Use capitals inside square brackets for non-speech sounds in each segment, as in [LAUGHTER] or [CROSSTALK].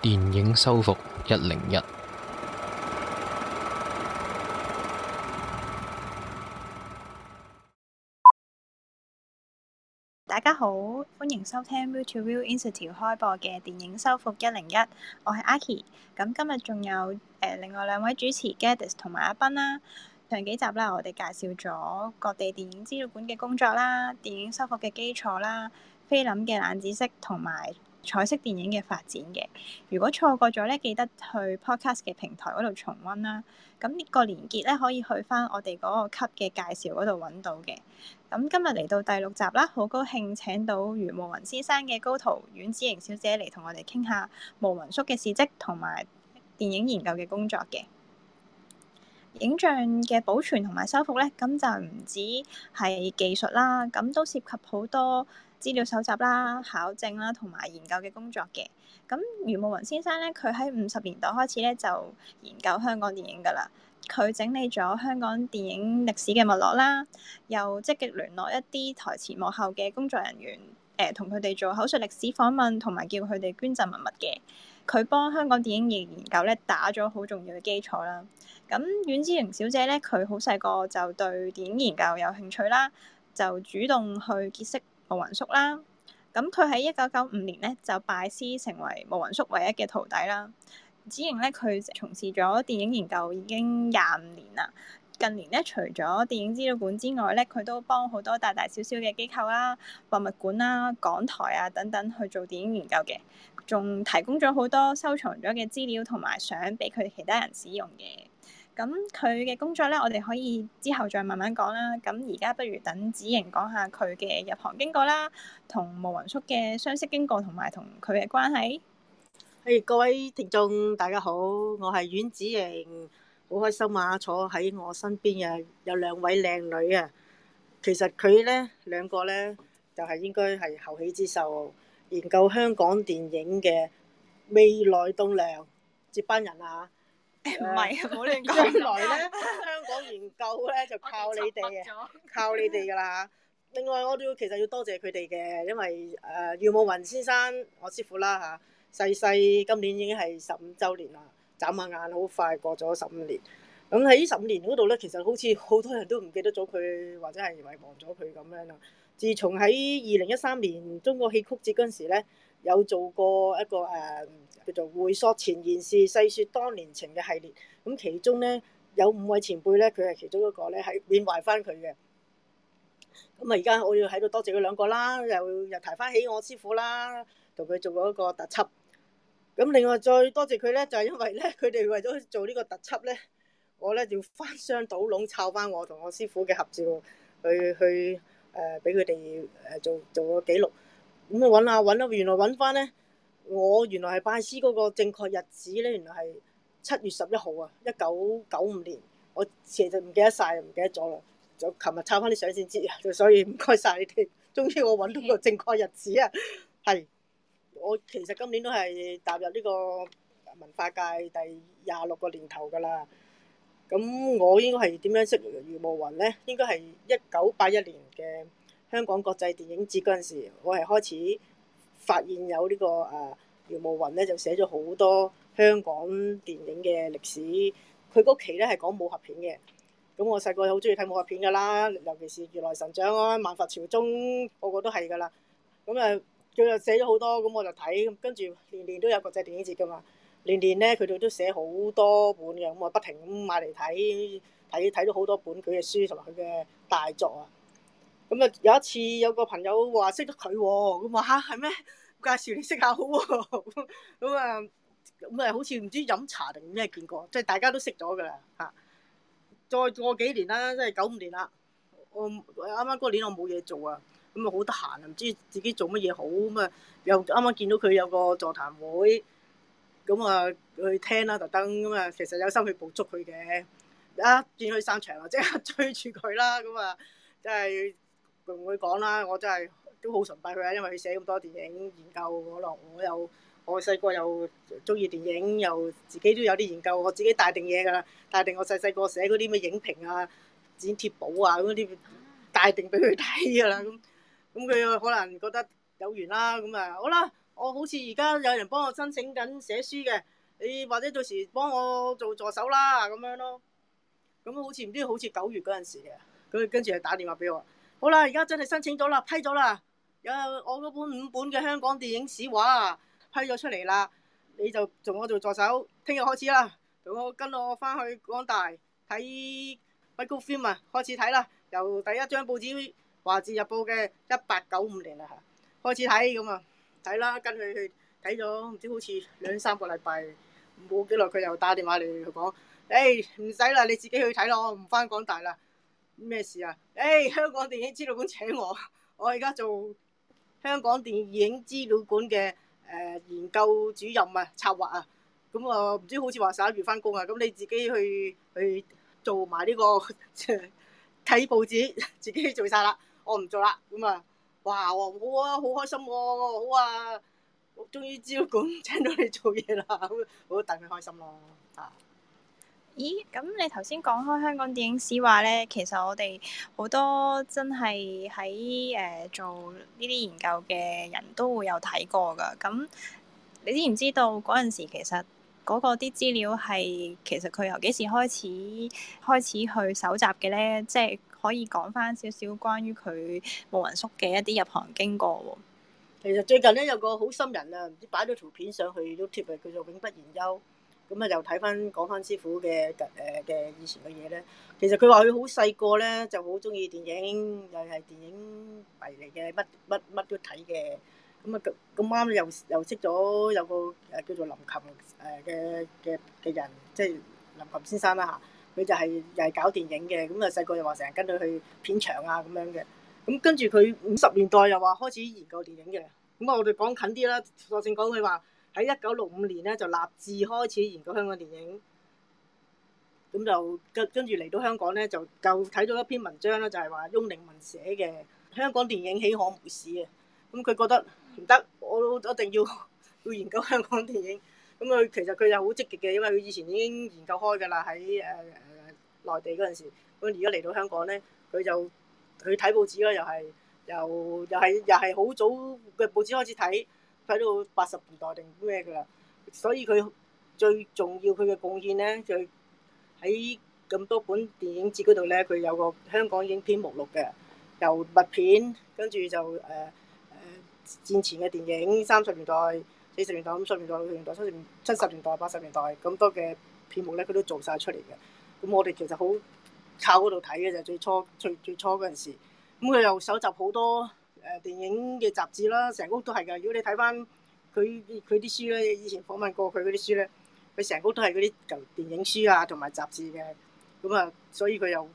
電影修復一零一，大家好，歡迎收聽 Virtual Institute 開播嘅電影修復一零一，我係阿 Key，咁今日仲有誒、呃、另外兩位主持 Gadis 同埋阿斌啦。上幾集啦，我哋介紹咗各地電影資料館嘅工作啦，電影修復嘅基礎啦，菲林嘅冷知識同埋。彩色電影嘅發展嘅，如果錯過咗咧，記得去 Podcast 嘅平台嗰度重温啦。咁呢個連結咧，可以去返我哋嗰個級嘅介紹嗰度揾到嘅。咁今日嚟到第六集啦，好高興請到余慕雲先生嘅高徒阮子瑩小姐嚟同我哋傾下慕雲叔嘅事蹟同埋電影研究嘅工作嘅。影像嘅保存同埋修復咧，咁就唔止係技術啦，咁都涉及好多。資料搜集啦、考證啦，同埋研究嘅工作嘅。咁余慕雲先生咧，佢喺五十年代開始咧就研究香港電影㗎啦。佢整理咗香港電影歷史嘅脈絡啦，又積極聯絡一啲台前幕後嘅工作人員，誒同佢哋做口述歷史訪問，同埋叫佢哋捐贈文物嘅。佢幫香港電影業研究咧打咗好重要嘅基礎啦。咁、嗯、阮之瑩小姐咧，佢好細個就對電影研究有興趣啦，就主動去結識。莫雲叔啦，咁佢喺一九九五年咧就拜師成為莫雲叔唯一嘅徒弟啦。只瑩咧，佢從事咗電影研究已經廿五年啦。近年咧，除咗電影資料館之外咧，佢都幫好多大大小小嘅機構啦、啊、博物館啦、啊、港台啊等等去做電影研究嘅，仲提供咗好多收藏咗嘅資料同埋相俾佢其他人使用嘅。咁佢嘅工作呢，我哋可以之後再慢慢講啦。咁而家不如等子瑩講下佢嘅入行經過啦，同毛雲叔嘅相識經過同埋同佢嘅關係。誒，hey, 各位聽眾大家好，我係阮子瑩，好開心啊！坐喺我身邊嘅有兩位靚女啊。其實佢呢兩個呢，就係、是、應該係後起之秀，研究香港電影嘅未來棟梁，接班人啊！唔係，我哋將來咧 [LAUGHS] 香港研究咧就靠你哋啊， [LAUGHS] 靠你哋噶啦。另外我都要其實要多謝佢哋嘅，因為誒廖慕雲先生我師傅啦嚇，逝、啊、世，世今年已經係十五週年啦，眨下眼好快過咗十五年。咁喺十五年嗰度咧，其實好似好多人都唔記得咗佢，或者係遺忘咗佢咁樣啦。自從喺二零一三年中國戲曲節嗰陣時咧。有做過一個誒叫做會所前賢事細說當年情嘅系列，咁其中咧有五位前輩咧，佢係其中一個咧，係緬懷翻佢嘅。咁啊，而家我要喺度多謝佢兩個啦，又又提翻起我師傅啦，同佢做過一個特輯。咁另外再多謝佢咧，就係因為咧，佢哋為咗做呢個特輯咧，我咧要翻箱倒籠摷翻我同我師傅嘅合照，去去誒俾佢哋誒做做個記錄。咁我揾下揾咯，原來揾翻咧，我原來係拜師嗰個正確日子咧，原來係七月十一號啊，一九九五年，我其實唔記得晒，唔記得咗啦，就琴日抄翻啲相先知，就所以唔該晒你哋，終於我揾到個正確日子啊！係，我其實今年都係踏入呢個文化界第廿六個年頭噶啦，咁我應該係點樣識余慕雲咧？應該係一九八一年嘅。香港國際電影節嗰陣時，我係開始發現有呢、這個誒姚、呃、慕雲咧，就寫咗好多香港電影嘅歷史。佢嗰期咧係講武俠片嘅，咁我細個好中意睇武俠片噶啦，尤其是《如來神掌》啊，《萬佛朝宗》，個個都係噶啦。咁、嗯、誒，佢又寫咗好多，咁我就睇，跟住年年都有國際電影節噶嘛，年年咧佢哋都寫好多本嘅，咁我不停咁買嚟睇，睇睇咗好多本佢嘅書同埋佢嘅大作啊。咁啊，有一次有個朋友話識得佢喎，咁話嚇係咩？介紹你識下好喎？哦，咁啊，咁、嗯、啊、嗯、好似唔知飲茶定咩見過，即係大家都識咗噶啦嚇。再過幾年啦，即係九五年啦。我啱啱嗰年我冇嘢做啊，咁、嗯、啊好得閒啊，唔知自己做乜嘢好咁啊、嗯，又啱啱見到佢有個座談會，咁啊去聽啦，特登咁啊，其實有心去捕捉佢嘅。啊、嗯，見佢散場啊，即刻追住佢啦，咁、嗯、啊，即、嗯、係。同佢講啦，我真係都好崇拜佢啊，因為佢寫咁多電影研究，可能我，我又我細個又中意電影，又自己都有啲研究，我自己帶定嘢噶啦，帶定我細細個寫嗰啲咩影評啊、剪貼簿啊嗰啲帶定俾佢睇噶啦。咁咁佢可能覺得有緣啦。咁啊，好啦，我好似而家有人幫我申請緊寫書嘅，你或者到時幫我做助手啦咁樣咯。咁好似唔知好似九月嗰陣時嘅，咁跟住係打電話俾我。好啦，而家真係申請咗啦，批咗啦。有我嗰本五本嘅香港電影史話批咗出嚟啦，你就做我做助手，聽日開始啦，同我跟我翻去港大睇《microfilm》啊，開始睇啦。由第一張報紙《華字日報》嘅一八九五年啊，開始睇咁啊，睇啦，跟佢去睇咗唔知好似兩三個禮拜，冇幾耐佢又打電話嚟佢講，誒唔使啦，你自己去睇咯，我唔翻港大啦。咩事啊？誒、hey，香港電影資料館請我，我而家做香港電影資料館嘅誒、呃、研究主任啊，策劃啊。咁我唔知好似話十一月翻工啊。咁、嗯、你自己去去做埋呢、呢個睇 [LAUGHS] 報紙，自己做晒啦。我唔做啦。咁、嗯、啊，哇！好啊，好開心喎，好啊，好啊，我終於資料館請到你做嘢啦，好等佢開心咯、啊。咦，咁你頭先講開香港電影史話咧，其實我哋好多真係喺誒做呢啲研究嘅人都會有睇過噶。咁你知唔知道嗰陣時其實嗰個啲資料係其實佢由幾時開始開始去搜集嘅咧？即係可以講翻少少關於佢無雲叔嘅一啲入行經過喎。其實最近咧有個好心人啊，唔知擺咗圖片上去都貼啊，叫做永不言休。咁啊、嗯，又睇翻講翻師傅嘅嘅嘅以前嘅嘢咧。其實佢話佢好細個咧，就好中意電影，又係電影迷嚟嘅，乜乜乜都睇嘅。咁、嗯、啊，咁啱又又識咗有個誒叫做林琴誒嘅嘅嘅人，即係林琴先生啦吓，佢、啊、就係、係、又係搞電影嘅，咁啊細個又話成日跟佢去片場啊咁樣嘅。咁、嗯、跟住佢五十年代又話開始研究電影嘅。咁、嗯、啊，我哋講近啲啦，就算講佢話。喺一九六五年咧，就立志開始研究香港電影。咁就跟跟住嚟到香港咧，就就睇咗一篇文章啦，就係話翁玲文寫嘅《香港電影豈可無史》啊。咁佢覺得唔得，我一定要 [LAUGHS] 要研究香港電影。咁佢其實佢又好積極嘅，因為佢以前已經研究開㗎啦。喺誒誒內地嗰陣時，咁而家嚟到香港咧，佢就去睇報紙咯，又係又又係又係好早嘅報紙開始睇。睇到八十年代定咩噶，所以佢最重要佢嘅貢獻咧，就喺咁多本電影節嗰度咧，佢有個香港影片目錄嘅，由默片跟住就誒誒戰前嘅電影，三十年代、四十年代、五十年代、六十年代、七十年、七十年代、八十年代咁多嘅片目咧，佢都做晒出嚟嘅。咁我哋其實好靠嗰度睇嘅就係最初最最初嗰陣時，咁佢又搜集好多。誒電影嘅雜誌啦，成屋都係㗎。如果你睇翻佢佢啲書咧，以前訪問過佢嗰啲書咧，佢成屋都係嗰啲舊電影書啊同埋雜誌嘅。咁、嗯、啊，所以佢又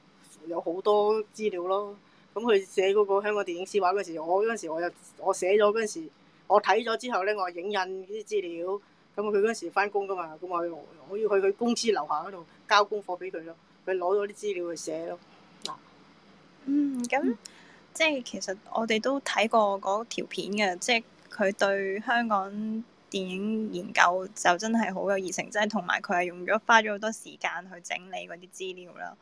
有好多資料咯。咁、嗯、佢寫嗰個香港電影史話嗰時，我嗰陣時我又我寫咗嗰陣時，我睇咗之後咧，我影印啲資料。咁佢嗰陣時翻工㗎嘛，咁、嗯、我我要去佢公司樓下嗰度交功課俾佢咯。佢攞咗啲資料去寫咯。嗱，嗯，咁、嗯。即係其實我哋都睇過嗰條片嘅，即係佢對香港電影研究就真係好有熱誠，即係同埋佢係用咗花咗好多時間去整理嗰啲資料啦。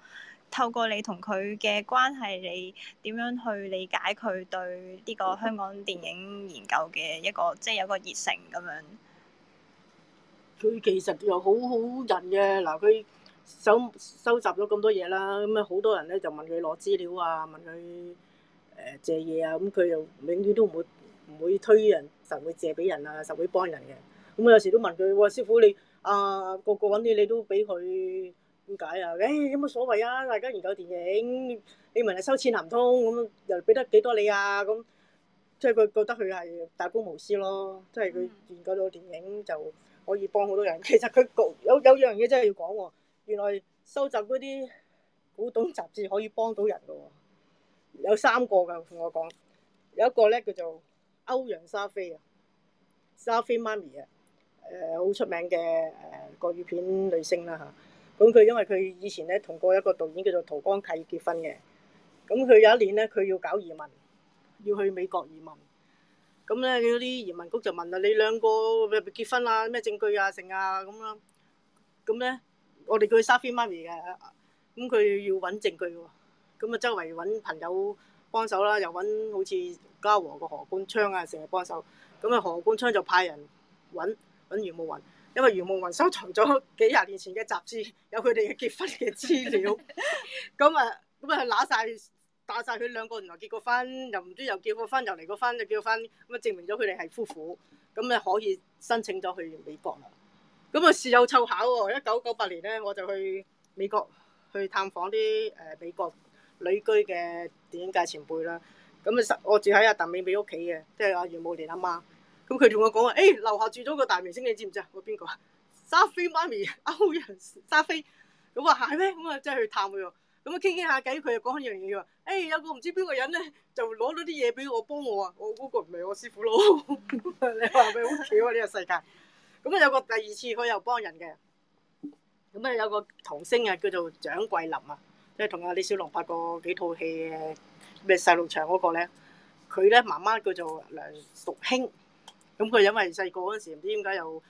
透過你同佢嘅關係，你點樣去理解佢對呢個香港電影研究嘅一個，嗯、即係有個熱誠咁樣？佢其實又好好人嘅，嗱，佢收收集咗咁多嘢啦，咁啊好多人咧就問佢攞資料啊，問佢。誒借嘢啊，咁佢又永遠都唔會唔會推人，實會借俾人啊，實會幫人嘅。咁、嗯、我有時都問佢喎，師傅你啊個個揾啲你，你都俾佢點解啊？誒有冇所謂啊？大家研究電影，你問啊收錢行唔通咁、嗯，又俾得幾多你啊？咁、嗯嗯、即係佢覺得佢係大公無私咯，即係佢研究到電影就可以幫好多人。其實佢有有，有樣嘢真係要講喎、哦，原來收集嗰啲古董雜誌可以幫到人嘅喎。有三個噶，我講有一個咧叫做歐陽莎菲啊，莎菲媽咪啊，誒好出名嘅誒國語片女星啦嚇。咁佢因為佢以前咧同過一個導演叫做屠光啟結婚嘅，咁佢有一年咧佢要搞移民，要去美國移民，咁咧啲移民局就問啦：你兩個入邊結婚啊？咩證據啊？剩啊咁啦。咁咧我哋叫莎菲媽咪嘅，咁佢要揾證據喎。咁啊，周圍揾朋友幫手啦，又揾好似嘉禾個何冠昌啊，成日幫手。咁啊，何冠昌就派人揾揾袁慕雲，因為余慕雲收藏咗幾廿年前嘅雜誌，有佢哋嘅結婚嘅資料。咁啊、 [LAUGHS] [LAUGHS] 嗯，咁、嗯、啊，揦、嗯、曬打晒佢兩個，原來結過婚，又唔知又結過婚，又離過婚，又結婚。咁啊、嗯嗯，證明咗佢哋係夫婦，咁、嗯、咧、嗯、可以申請咗去美國啦。咁、嗯、啊、嗯，事有湊巧喎，一九九八年咧，我就去美國去探訪啲誒美國，旅居嘅電影界前輩啦，咁啊我住喺阿鄧美美屋企嘅，即係阿袁慕蓮阿媽，媽。咁佢同我講話，誒、欸、樓下住咗個大明星，你知唔、欸、知、那個、 [LAUGHS] 是是啊？我邊個啊？沙飛媽咪歐陽沙飛。咁話係咩？咁啊真係去探佢喎。咁啊傾傾下偈，佢又講一樣嘢喎。誒有個唔知邊個人咧，就攞咗啲嘢俾我幫我啊！我嗰個唔係我師傅咯。你話咩好巧啊？呢個世界。咁啊有個第二次佢又幫人嘅。咁啊有個童星啊叫做蔣桂林啊。即係同阿李小龍拍過幾套戲，咩《細路祥》嗰個咧，佢咧媽媽叫做梁淑卿。咁佢因為細個嗰陣時唔知點解又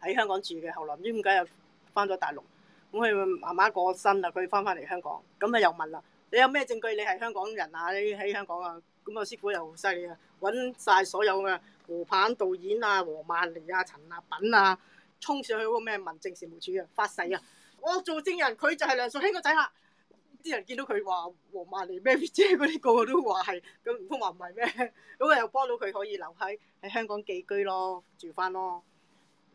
喺香港住嘅，後嚟唔知點解又翻咗大陸。咁佢媽媽過身啦，佢翻翻嚟香港，咁啊又問啦：你有咩證據？你係香港人啊？你喺香港啊？咁啊師傅又犀利啊！揾晒所有嘅胡鵬導演啊、黃曼梨啊、陳立品啊，衝上去嗰個咩民政事務處啊，發誓啊！我做證人，佢就係梁淑卿個仔啦。啲人見到佢話黃曼梨、咩？Mary 姐嗰啲個個都話係，咁唔通話唔係咩？咁 [LAUGHS] 又幫到佢可以留喺喺香港寄居咯，住翻咯。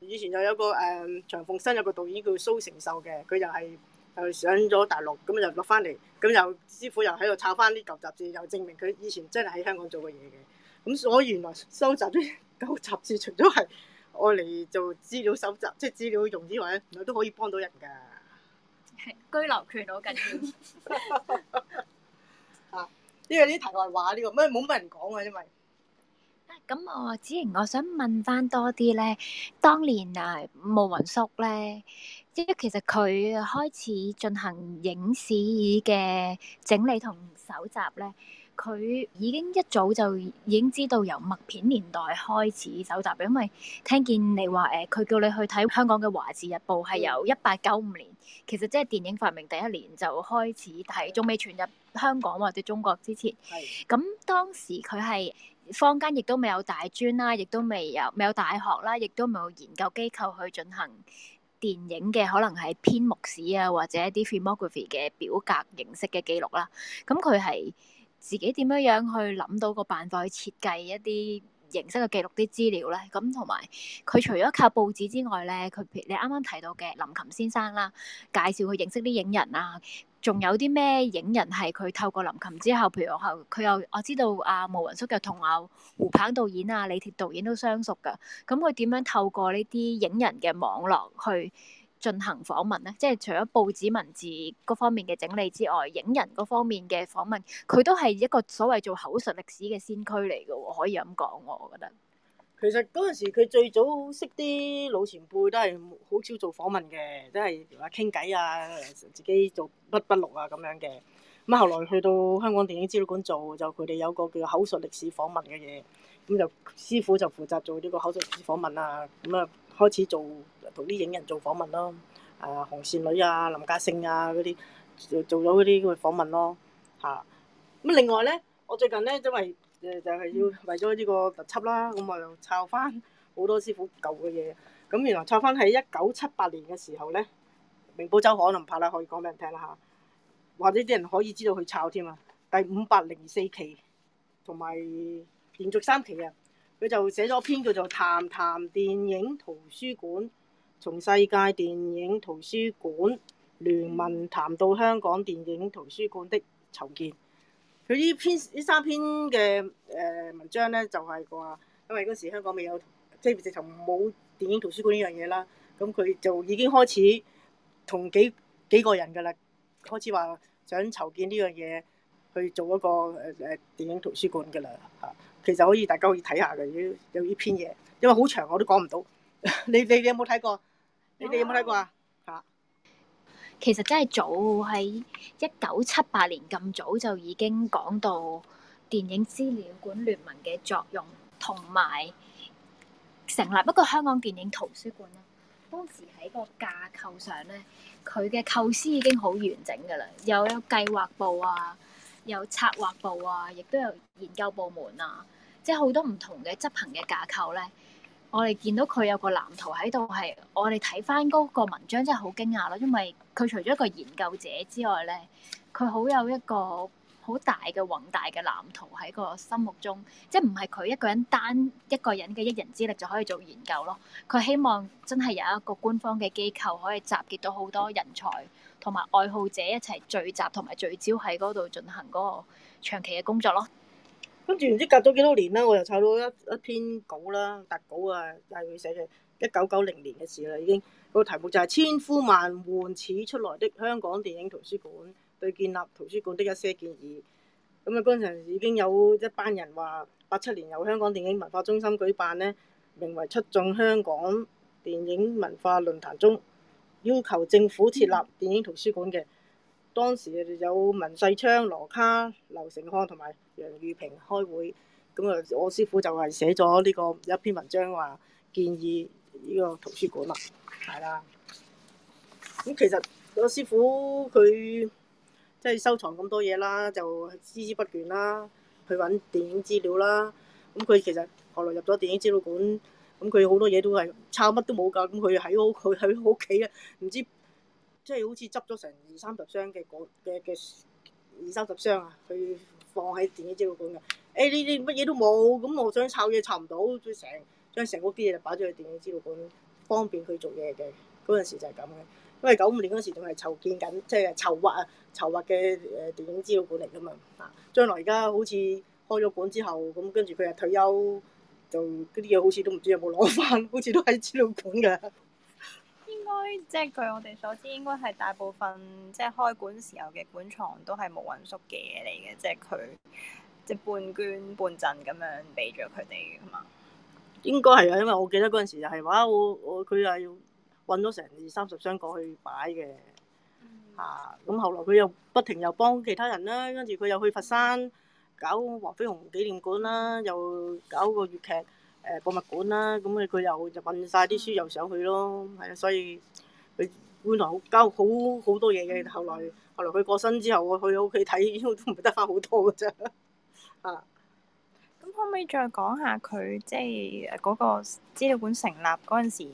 以前就有個誒、呃、長鳳新有個導演叫蘇成秀嘅，佢又係誒上咗大陸，咁又落翻嚟，咁又師傅又喺度抄翻啲舊雜誌，又證明佢以前真係喺香港做過嘢嘅。咁我原來收集啲舊雜誌，除咗係愛嚟做資料搜集，即係資料用之外咧，原來都可以幫到人㗎。居留權好緊要啊！呢個呢啲題外話，呢個咩冇乜人講嘅，因為咁我子瑩，我想問翻多啲咧。當年啊，慕雲叔咧，即係其實佢開始進行影視嘅整理同搜集咧，佢已經一早就已經知道由默片年代開始搜集，因為聽見你話誒，佢叫你去睇香港嘅《華字日報》，係由一八九五年。其實即係電影發明第一年就開始睇，仲未傳入香港或者中國之前。係咁是當時佢係坊間亦都未有大專啦，亦都未有未有大學啦，亦都冇研究機構去進行電影嘅可能係編目史啊，或者一啲 filmography 嘅表格形式嘅記錄啦。咁佢係自己點樣樣去諗到個辦法去設計一啲形式去記錄啲資料咧，咁同埋佢除咗靠報紙之外咧，佢譬如你啱啱提到嘅林琴先生啦，介紹佢認識啲影人啊，仲有啲咩影人係佢透過林琴之後，譬如我後佢又我知道阿、啊、毛雲叔嘅同阿胡鵬導演啊、李鐵導演都相熟噶，咁佢點樣透過呢啲影人嘅網絡去進行訪問咧，即係除咗報紙文字各方面嘅整理之外，影人嗰方面嘅訪問，佢都係一個所謂做口述歷史嘅先驅嚟嘅喎，我可以咁講，我覺得。其實嗰陣時佢最早識啲老前輩都係好少做訪問嘅，都係話傾偈啊，自己做筆筆錄啊咁樣嘅。咁後來去到香港電影資料館做，就佢哋有個叫口述歷史訪問嘅嘢，咁就師傅就負責做呢個口述歷史訪問啊，咁啊。開始做同啲影人做訪問咯，誒紅線女啊、林家聲啊嗰啲做做咗嗰啲咁嘅訪問咯，嚇。咁另外咧，我最近咧都係誒就係要為咗呢個特輯啦，咁啊抄翻好多師傅舊嘅嘢。咁原來抄翻喺一九七八年嘅時候咧，明報週刊都唔怕啦，可以講俾人聽啦嚇。或者啲人可以知道佢抄添啊，第五百零四期同埋連續三期啊。佢就寫咗篇叫做《談談電影圖書館》，從世界電影圖書館聯盟談到香港電影圖書館的籌建。佢呢篇呢三篇嘅誒文章咧，就係話，因為嗰時香港未有，即係直頭冇電影圖書館呢樣嘢啦。咁佢就已經開始同幾幾個人㗎喇，開始話想籌建呢樣嘢，去做一個誒誒電影圖書館㗎喇，嚇。其實可以，大家可以睇下嘅，有呢篇嘢，因為好長，我都講唔到。 [LAUGHS] 你你，你有冇睇過？你哋有冇睇過啊？嚇！其實真係早喺一九七八年咁早就已經講到電影資料館聯盟嘅作用，同埋成立。一個香港電影圖書館咧，當時喺個架構上咧，佢嘅構思已經好完整㗎啦，有有計劃部啊。有策劃部啊，亦都有研究部門啊，即係好多唔同嘅執行嘅架構咧。我哋見到佢有個藍圖喺度，係我哋睇翻嗰個文章真係好驚訝咯，啊，因為佢除咗一個研究者之外咧，佢好有一個好大嘅宏大嘅藍圖喺個心目中，即係唔係佢一個人單一個人嘅一人之力就可以做研究咯。佢希望真係有一個官方嘅機構可以集結到好多人才。同埋愛好者一齊聚集同埋聚焦喺嗰度進行嗰個長期嘅工作咯。跟住唔知隔咗幾多年啦，我又湊到一一篇稿啦，特稿啊，就係佢寫嘅一九九零年嘅事啦，已經個題目就係千呼萬喚始出來的香港電影圖書館對建立圖書館的一些建議。咁啊，嗰陣時已經有一班人話八七年由香港電影文化中心舉辦呢，名為出眾香港電影文化論壇中。要求政府設立電影圖書館嘅，當時有文世昌、羅卡、劉成康同埋楊玉平開會，咁啊，我師傅就係寫咗呢個一篇文章，話建議呢個圖書館啦，係啦。咁其實我師傅佢即係收藏咁多嘢啦，就孜孜不倦啦，去揾電影資料啦。咁佢其實後來入咗電影資料館。咁佢，嗯嗯、好多嘢都係抄乜都冇㗎，咁佢喺屋佢喺屋企咧，唔知即係好似執咗成二三十箱嘅嘅嘅二三十箱啊，佢放喺電影資料館㗎。誒呢啲乜嘢都冇，咁、嗯、我想抄嘢抄唔到，成將成屋啲嘢就擺咗去電影資料館，方便佢做嘢嘅。嗰陣時就係咁嘅，因為九五年嗰時仲係籌建緊，即係籌劃啊籌劃嘅誒、呃、電影資料館嚟㗎嘛。嚇、嗯，將來而家好似開咗館之後，咁跟住佢又退休。就嗰啲嘢好似都唔知有冇攞返，好似都喺資料館㗎。應該即係據我哋所知，應該係大部分即係開館時候嘅館藏都係冇運縮嘅嘢嚟嘅，即係佢即係半捐半贈咁樣俾咗佢哋㗎嘛。應該係啊，因為我記得嗰陣時就係話我我佢又要運咗成二三十箱過去擺嘅嚇，咁、嗯啊、後來佢又不停又幫其他人啦，跟住佢又去佛山。搞黃飛鴻紀念館啦，又搞個粵劇誒博物館啦，咁啊佢又就運晒啲書又上去咯，係啊，所以佢本來好交好好，好多嘢嘅。後來後來佢過身之後，我去屋企睇，都唔係得翻好多嘅啫。啊，咁可唔可以再講下佢即係嗰個資料館成立嗰陣時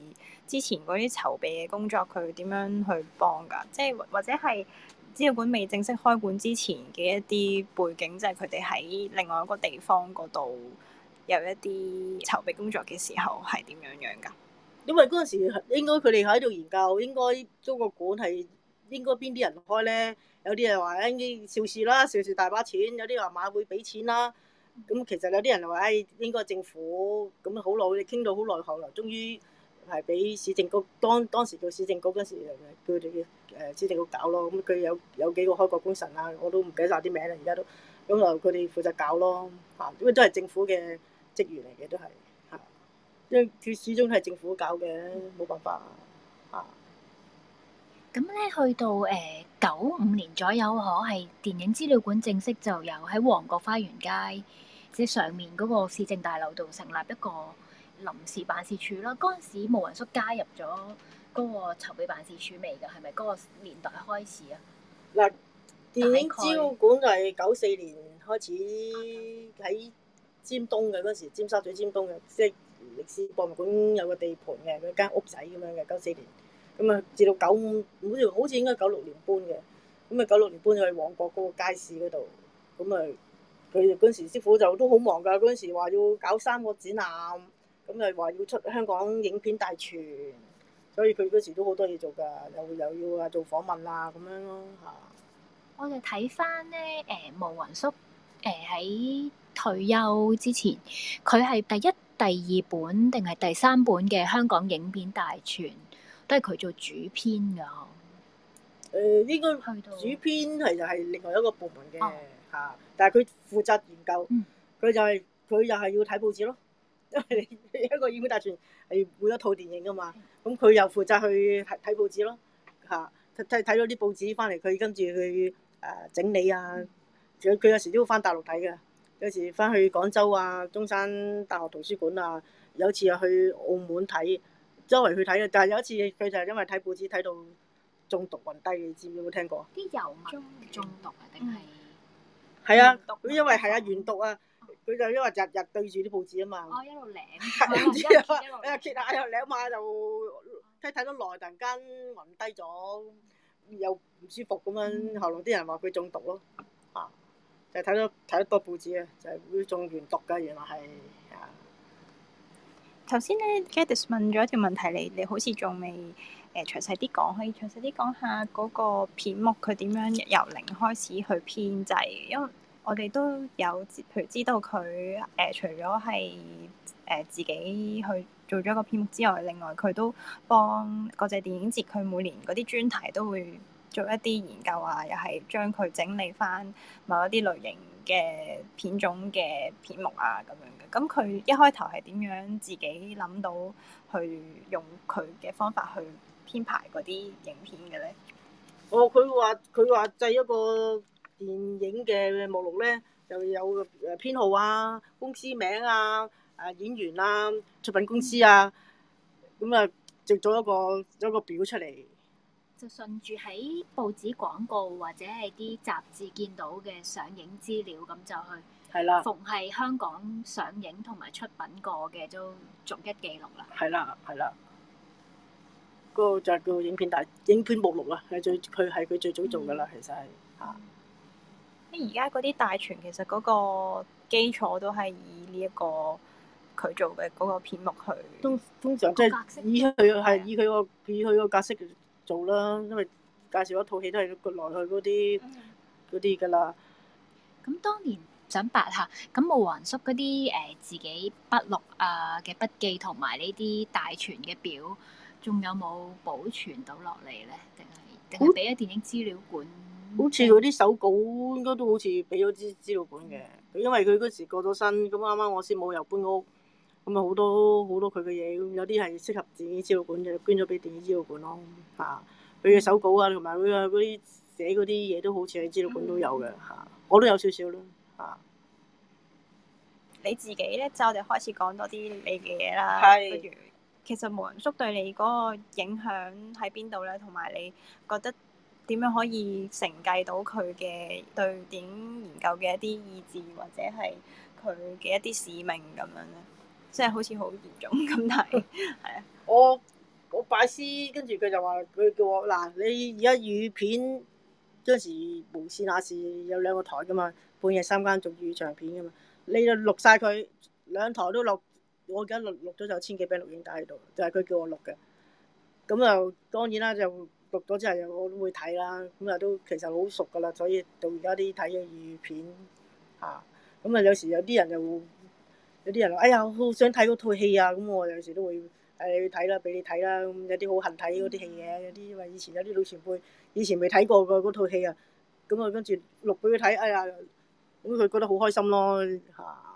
之前嗰啲籌備嘅工作，佢點樣去幫噶？即係或者係？資料館未正式開館之前嘅一啲背景，即係佢哋喺另外一個地方嗰度有一啲籌備工作嘅時候係點樣樣噶？因為嗰陣時應該佢哋喺度研究，應該嗰個館係應該邊啲人開咧？有啲人話咧，應該邵氏啦，邵氏大把錢；有啲話馬會俾錢啦。咁其實有啲人就話，誒應該政府。咁好耐，傾到好耐後嚟，終於。係俾市政局當，當時叫市政局嗰時，佢哋嘅市政局搞咯。咁佢有，有幾個開國功臣啊，我都唔記得曬啲名啦。而家都咁，就佢哋負責搞咯。嚇，因為都係政府嘅職員嚟嘅，都係嚇，因為佢始終都係政府搞嘅，冇辦法啊。咁咧，嗯嗯，去到誒九五年左右可係電影資料館正式就有喺旺角花園街即上面嗰個市政大樓度成立一個臨時辦事處啦，嗰陣時毛雲叔加入咗嗰個籌備辦事處未？㗎係咪嗰個年代開始啊？嗱概，電影招館就係九四年開始喺尖東嘅嗰陣時，尖沙咀尖東嘅即係歷史博物館有個地盤嘅嗰間屋仔咁樣嘅，九四年咁啊，至到九五好似好似應該九六年搬嘅咁啊，九六年搬咗去旺角嗰個街市嗰度咁啊，佢哋嗰陣時師傅就都好忙㗎，嗰陣時話要搞三個展覽。咁又話要出香港影片大全，所以佢嗰時都好多嘢做㗎，又又要啊做訪問啊咁樣咯嚇。我哋睇翻咧，誒毛雲叔誒喺、呃、退休之前，佢係第一、第二本定係第三本嘅香港影片大全，都係佢做主編㗎。誒、呃、應該主編係就係另外一個部門嘅嚇，嗯、但係佢負責研究，佢就係佢又係要睇報紙咯。因為一個演員大全係每一套電影噶嘛，咁佢又負責去睇報紙咯，吓睇睇到啲報紙翻嚟，佢跟住去誒、呃、整理啊，佢佢、嗯、有，有時都翻大陸睇嘅，有時翻去廣州啊、中山大學圖書館啊，有次又去澳門睇，周圍去睇嘅，但係有一次佢就係因為睇報紙睇到中毒暈低，你知唔知有冇聽過？啲油墨中毒啊，定係？係、嗯嗯、啊，因為係啊，鉛毒啊。佢就因為日日對住啲報紙啊嘛，哦、一係啊，然後又啊嘛就睇睇到耐，突然間暈低咗，又唔舒服咁樣，後嚟啲人話佢中毒咯，啊，就係睇到睇得多報紙啊，就係會中完毒噶，原來係。頭先咧，Kadis 問咗條問題，你你好似仲未誒詳細啲講，可以詳細啲講下嗰個片目佢點樣由零開始去編製，因為。我哋都有譬如知道佢，誒、呃、除咗係誒自己去做咗一個片目之外，另外佢都幫國際電影節，佢每年嗰啲專題都會做一啲研究啊，又係將佢整理翻某一啲類型嘅片種嘅片目啊，咁樣嘅。咁佢一開頭係點樣自己諗到去用佢嘅方法去編排嗰啲影片嘅咧？哦，佢話，佢話製一個。電影嘅目錄咧，就有誒編號啊、公司名啊、誒演員啊、出品公司啊，咁啊，做咗一個一個表出嚟。就順住喺報紙廣告或者係啲雜誌見到嘅上映資料，咁就去。係啦。逢係香港上映同埋出品過嘅，都逐一記錄啦。係啦，係啦。嗰個就係叫影片大影片目錄啦。係最佢係佢最早做噶啦，其實係啊。而家嗰啲大全其實嗰個基礎都係以呢一個佢做嘅嗰個片目去，都通常即係以佢係以佢個以佢個格式做啦，因為介紹一套戲都係佢攞去嗰啲嗰啲㗎啦。咁、mm hmm. 當年想白下，咁毛皇叔嗰啲誒自己筆錄啊嘅筆記同埋呢啲大全嘅表，仲有冇保存到落嚟咧？定係定係俾咗電影資料館？好似嗰啲手稿應該都好似俾咗啲資料館嘅，因為佢嗰時過咗身，咁啱啱我先冇又搬屋，咁咪好多好多佢嘅嘢，咁有啲係適合自己資料館嘅，捐咗俾電影資料館咯嚇。佢嘅、嗯啊、手稿啊，同埋佢啊嗰啲寫嗰啲嘢都好似喺資料館都有嘅嚇、嗯啊，我都有少少啦嚇。啊、你自己咧，就我哋開始講多啲你嘅嘢啦。係是。其實毛人叔對你嗰個影響喺邊度咧？同埋你覺得，點樣可以承繼到佢嘅對點研究嘅一啲意志，或者係佢嘅一啲使命咁樣咧？即係好似好嚴重咁但，係啊！ [LAUGHS] 我我拜師，跟住佢就話，佢叫我嗱，你而家語片嗰陣時無線嗰時有兩個台噶嘛，半夜三更做語長片噶嘛，你就錄晒佢，兩台都錄，我而家錄錄咗就千幾餅錄影帶喺度，就係、是、佢叫我錄嘅。咁就當然啦，就～錄咗之後，我都會睇啦。咁啊都其實好熟噶啦，所以到而家啲睇嘅粵片啊，咁啊有時有啲人就，有啲人話：哎呀，好想睇嗰套戲啊！咁我有時都會，誒你去睇啦，俾你睇啦。咁有啲好恨睇嗰啲戲嘅，嗯、有啲因為以前有啲老前輩，以前未睇過嘅嗰套戲啊，咁我跟住錄俾佢睇，哎呀，咁佢覺得好開心咯，吓、啊。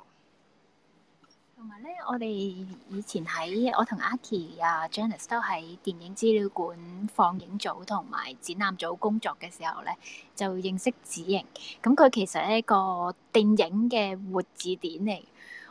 同埋咧，我哋以前喺我同阿 K 啊 Janice 都喺電影資料館放映組同埋展覽組工作嘅時候咧，就認識子瑩，咁、嗯、佢其實係一個電影嘅活字典嚟。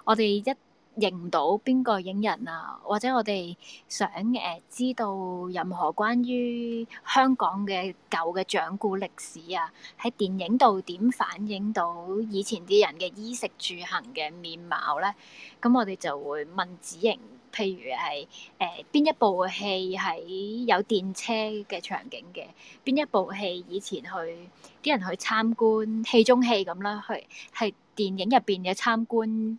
我哋一認唔到邊個影人啊，或者我哋想誒、呃、知道任何關於香港嘅舊嘅掌故歷史啊，喺電影度點反映到以前啲人嘅衣食住行嘅面貌咧？咁我哋就會問子瑩，譬如係誒邊一部戲喺有電車嘅場景嘅？邊一部戲以前去啲人去參觀戲中戲咁啦？去係電影入邊嘅參觀。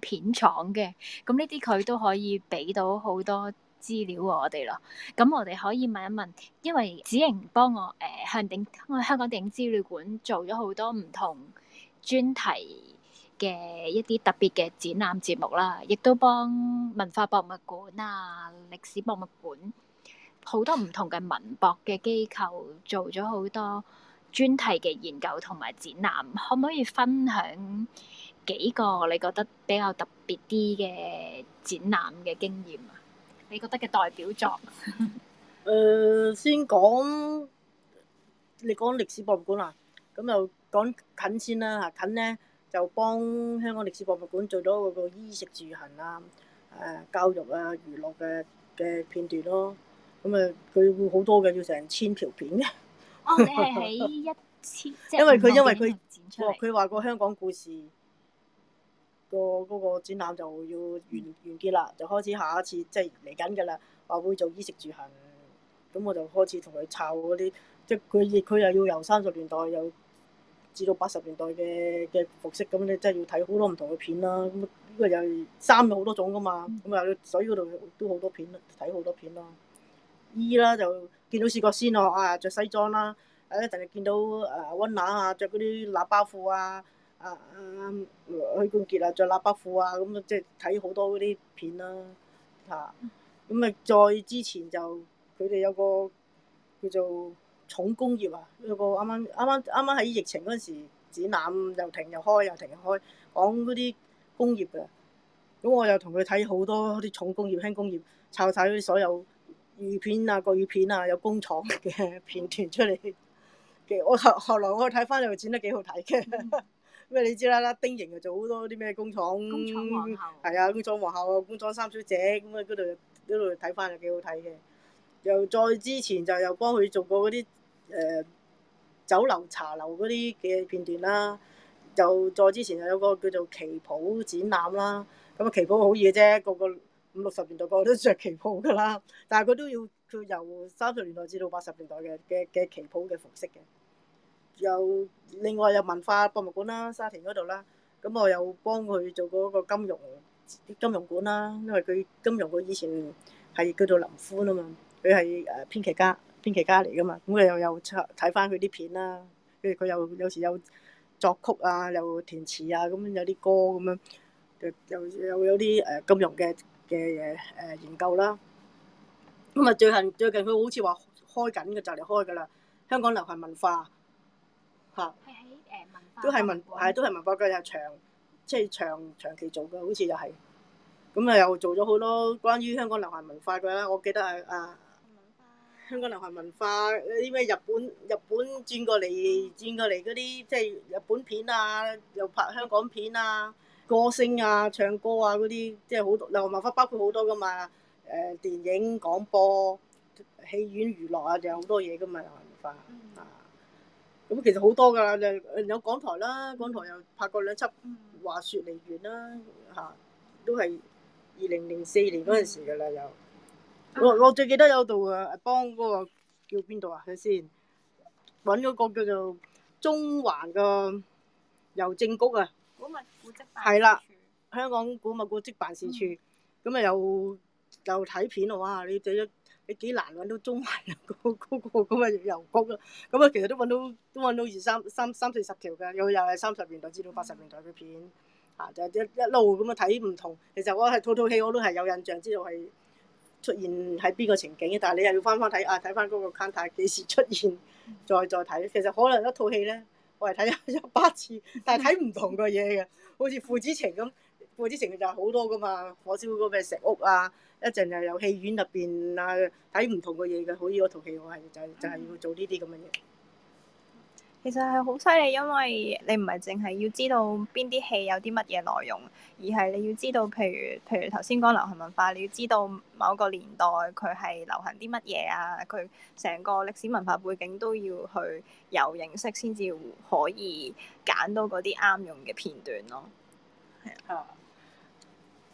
片廠嘅，咁呢啲佢都可以俾到好多資料我哋咯。咁我哋可以問一問，因為子瑩幫我誒向頂，香港電影資料館做咗好多唔同專題嘅一啲特別嘅展覽節目啦，亦都幫文化博物館啊、歷史博物館好多唔同嘅文博嘅機構做咗好多專題嘅研究同埋展覽，可唔可以分享？幾個你覺得比較特別啲嘅展覽嘅經驗啊？你覺得嘅代表作？ [LAUGHS] 誒、呃，先講你講歷史博物館啊，咁就講近先啦吓，近咧就幫香港歷史博物館做咗嗰個衣食住行啊、誒教育娛樂啊、娛樂嘅嘅片段咯。咁啊，佢會好多嘅，要成千條片嘅。哦，你係喺一千， [LAUGHS] 是因為佢因為佢，佢話個香港故事。個嗰個展覽就要完完結啦，就開始下一次即係嚟緊嘅啦。話會做衣食住行，咁我就開始同佢湊嗰啲，即係佢佢又要由三十年代又至到八十年代嘅嘅服飾，咁你真係要睇好多唔同嘅片啦。咁、那、呢個又衫有好多種噶嘛，咁、那、啊、個、所以嗰度都好多片，睇好多片咯。衣、e, 啦就見到試過先咯，啊着西裝啦，誒甚至見到誒溫拿啊着嗰啲喇叭褲啊。啊啊啊！許冠傑啊，著喇叭褲啊，咁啊，即係睇好多啲片啦嚇。咁啊，再之前就佢哋有個叫做重工業啊，一個啱啱啱啱喺疫情嗰陣時展覽又停又開又停又開，講啲工業嘅。咁我又同佢睇好多啲重工業、輕工業，抄曬啲所有粵片啊、國語片啊，有工廠嘅片段出嚟。我後後來我睇翻又剪得幾好睇嘅。嗯因為你知啦，啦，丁瑩又做好多啲咩工廠，係啊工廠皇后，后，工廠三小姐咁啊，嗰度度睇翻就幾好睇嘅。又再之前就又幫佢做過嗰啲誒酒樓茶樓嗰啲嘅片段啦。就再之前又有個叫做旗袍展覽啦。咁啊旗袍好嘢啫，個個五六十年代個個都着旗袍噶啦。但係佢都要佢由三十年代至到八十年代嘅嘅嘅旗袍嘅服飾嘅。有另外有文化博物館啦，沙田嗰度啦，咁我又幫佢做過一個金庸金庸館啦，因為佢金庸佢以前係叫做林歡吖嘛，佢係誒編劇家編劇家嚟噶嘛，咁佢又又睇翻佢啲片啦，跟住佢又有時有作曲啊，又填詞啊，咁有啲歌咁樣，又又有啲誒金庸嘅嘅嘢誒研究啦，咁啊最近最近佢好似話開緊嘅就嚟開噶啦，香港流行文化。都係文，係都係文化界又長，即、就、係、是、長長期做嘅，好似又係。咁啊，又做咗好多關於香港流行文化嘅啦。我記得啊啊，文化香港流行文化嗰啲咩日本日本轉過嚟轉、嗯、過嚟嗰啲，即、就、係、是、日本片啊，又拍香港片啊，嗯、歌星啊唱歌啊嗰啲，即係好多流行文化包括好多噶嘛。誒、呃，電影、廣播、戲院、娛樂啊，仲有好多嘢噶嘛，流行文化啊。嗯咁其實好多㗎啦，有港台啦，港台又拍過兩輯《話說離原》啦，吓都係二零零四年嗰陣時㗎啦，又我我最記得有度、嗰個、啊，幫嗰個叫邊度啊？佢先揾嗰個叫做中環嘅郵政局啊，古物古蹟辦係啦，香港古物古蹟辦事處，咁啊、嗯、又又睇片喎，哇！你睇咗。幾難搵到中環嗰嗰個咁嘅郵局啊。咁、那、啊、個那個、其實都搵到，都搵到二三三三四十條嘅，又又係三十年代至到八十年代嘅片，嗯、啊就一一路咁啊睇唔同。其實我係套套戲我都係有印象，知道係出現喺邊個情景，但係你又要翻翻睇啊，睇翻嗰個 contact 幾時出現，再再睇。其實可能一套戲咧，我係睇咗一百次，但係睇唔同嘅嘢嘅，好似父子情咁。我啲成日就係好多噶嘛，火燒嗰個咩石屋啊，一陣又有戲院入邊啊睇唔同嘅嘢嘅，好似嗰套戲我係就係、是、就係、是、要做呢啲咁嘅嘢。其實係好犀利，因為你唔係淨係要知道邊啲戲有啲乜嘢內容，而係你要知道，譬如譬如頭先講流行文化，你要知道某個年代佢係流行啲乜嘢啊，佢成個歷史文化背景都要去有認識先至可以揀到嗰啲啱用嘅片段咯。係啊。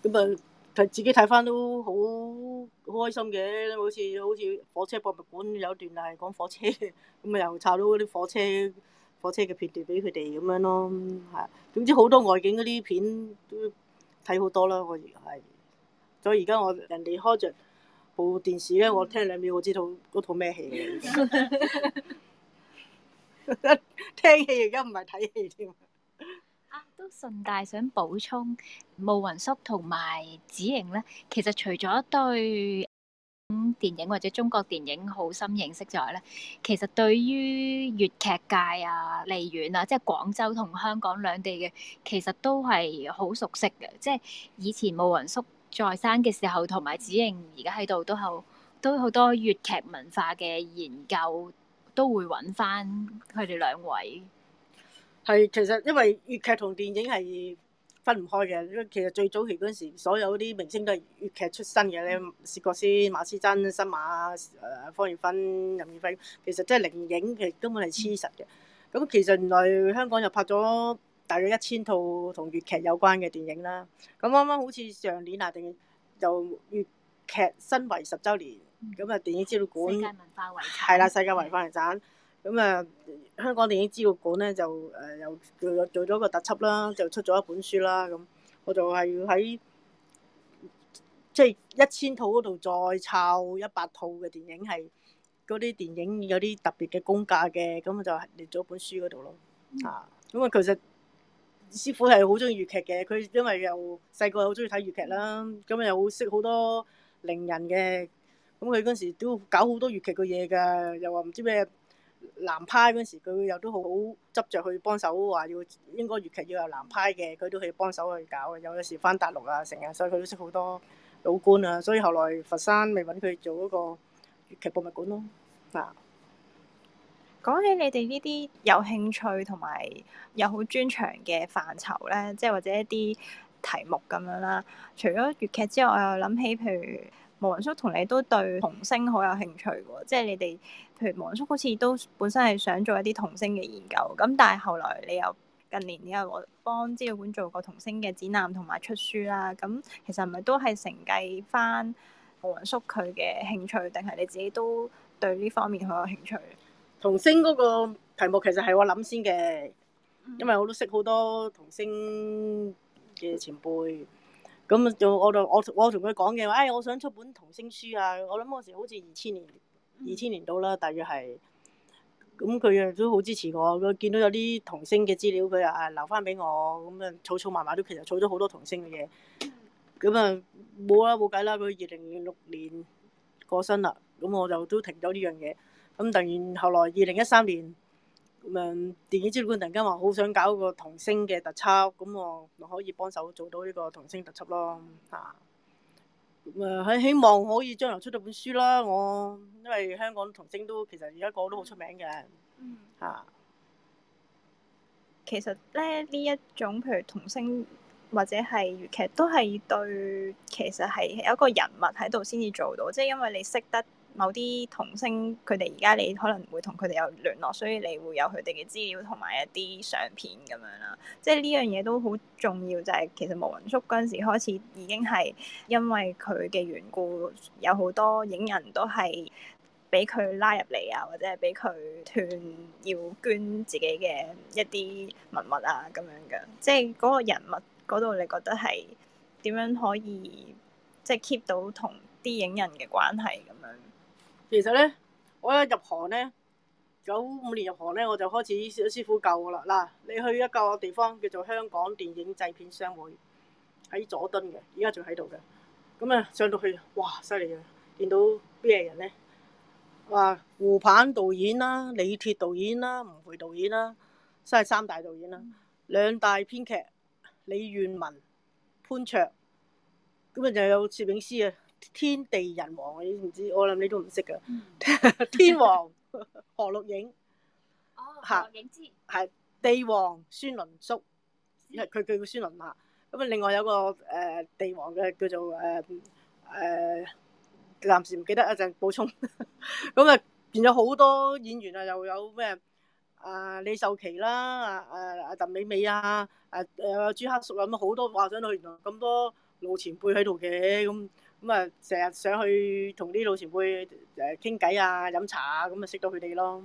咁啊，睇自己睇翻都好好開心嘅，好似好似火車博物館有段係講火車，咁啊又插到嗰啲火車火車嘅片段俾佢哋咁樣咯，係。總之好多外景嗰啲片都睇好多啦，我係。所以而家我人哋開着部電視咧，我聽兩秒我知道嗰套咩戲嘅。 [LAUGHS] [LAUGHS] 聽戲而家唔係睇戲添。順帶想補充，霧雲叔同埋子瑩咧，其實除咗對電影或者中國電影好深認識之外咧，其實對於粵劇界啊、梨園啊，即係廣州同香港兩地嘅，其實都係好熟悉嘅。即係以前霧雲叔在生嘅時候，同埋子瑩而家喺度，都好都好多粵劇文化嘅研究，都會揾翻佢哋兩位。係，其實因為粵劇同電影係分唔開嘅，因其實最早期嗰陣時，所有啲明星都係粵劇出身嘅。呢薛覺先，馬師曾、新馬、誒芳艷芬、任劍輝，其實即係零影，其實根本係黐實嘅。咁、嗯、其實原來香港又拍咗大約一千套同粵劇有關嘅電影啦。咁啱啱好似上年啊，定就粵劇申遺十週年，咁啊、嗯、電影資料館，係啦，世界文化遺產。咁啊、嗯！香港電影資料館咧就誒、呃、又做做咗個特輯啦，就出咗一本書啦。咁、嗯、我就係要喺即係一千套嗰度再抄一百套嘅電影，係嗰啲電影有啲特別嘅工價嘅，咁、嗯、就列咗本書嗰度咯。啊、嗯！咁啊、嗯嗯嗯，其實師傅係好中意粵劇嘅，佢因為又細個好中意睇粵劇啦，咁、嗯、又好識好多伶人嘅。咁佢嗰陣時都搞好多粵劇嘅嘢㗎，又話唔知咩。南派嗰時，佢又都好執着去幫手，話要應該粵劇要有南派嘅，佢都可以幫手去搞。有陣時翻大陸啊，成日，所以佢都識好多老官啊。所以後來佛山咪搵佢做嗰個粵劇博物館咯。嗱，講起你哋呢啲有興趣同埋又好專長嘅範疇咧，即係或者一啲題目咁樣啦。除咗粵劇之外，我又諗起譬如。毛雲叔同你都對童星好有興趣喎，哦，即係你哋，譬如毛雲叔好似都本身係想做一啲童星嘅研究，咁但係後來你又近年你又幫資料館做過童星嘅展覽同埋出書啦，咁其實係咪都係承繼翻毛雲叔佢嘅興趣，定係你自己都對呢方面好有興趣？童星嗰個題目其實係我諗先嘅，因為我都識好多童星嘅前輩。咁就、嗯、我就我我同佢講嘅話，誒、哎，我想出本童星書啊！我諗嗰時好似二千年二千年到啦，大約係咁。佢啊都好支持我。佢見到有啲童星嘅資料，佢又係留翻俾我咁啊，儲儲埋埋都其實儲咗好多童星嘅嘢。咁啊冇啦冇計啦！佢二零零六年過身啦，咁我就都停咗呢樣嘢。咁突然後來二零一三年。咁樣電影資料館突然間話好想搞個童星嘅特輯，咁我咪可以幫手做到呢個童星特輯咯嚇。咁啊，啊希望可以將來出到本書啦，我因為香港童星都其實而家個個都好出名嘅嚇。其實咧、嗯啊、呢一種譬如童星或者係粵劇都係對其實係有個人物喺度先至做到，即係因為你識得。某啲童星，佢哋而家你可能會同佢哋有聯絡，所以你會有佢哋嘅資料同埋一啲相片咁樣啦。即係呢樣嘢都好重要，就係、是、其實毛雲叔嗰陣時開始已經係因為佢嘅緣故，有好多影人都係俾佢拉入嚟啊，或者係俾佢斷要捐自己嘅一啲文物啊咁樣嘅。即係嗰個人物嗰度，你覺得係點樣可以即係 keep 到同啲影人嘅關係咁樣？其實咧，我一入行咧，九五年入行咧，我就開始有師傅教我啦。嗱，你去一個地方叫做香港電影製片商會喺佐敦嘅，而家仲喺度嘅。咁啊，上到去，哇，犀利啊！見到邊啲人咧？哇，胡鵬導演啦、李鐵導演啦、吳回導演啦，真係三大導演啦，兩、嗯、大編劇李願文、潘卓，咁啊，就有攝影師啊。天地人王，你唔知，我諗你都唔識噶。 [LAUGHS] 天王何錄影， [LAUGHS] 哦，何影知？係地王孫倫叔，佢佢叫孫倫嘛。咁啊，另外有個誒、呃、地王嘅叫做誒誒、呃呃，暫時唔記得啊，就補充咁啊，變咗好多演員啊，又有咩啊、呃、李秀奇啦，阿阿阿鄧美美啊，誒、呃、誒朱克叔咁好多話，想到原來咁多老前輩喺度嘅咁。咁啊，成日上去同啲老前輩誒傾偈啊、飲茶啊，咁啊識到佢哋咯。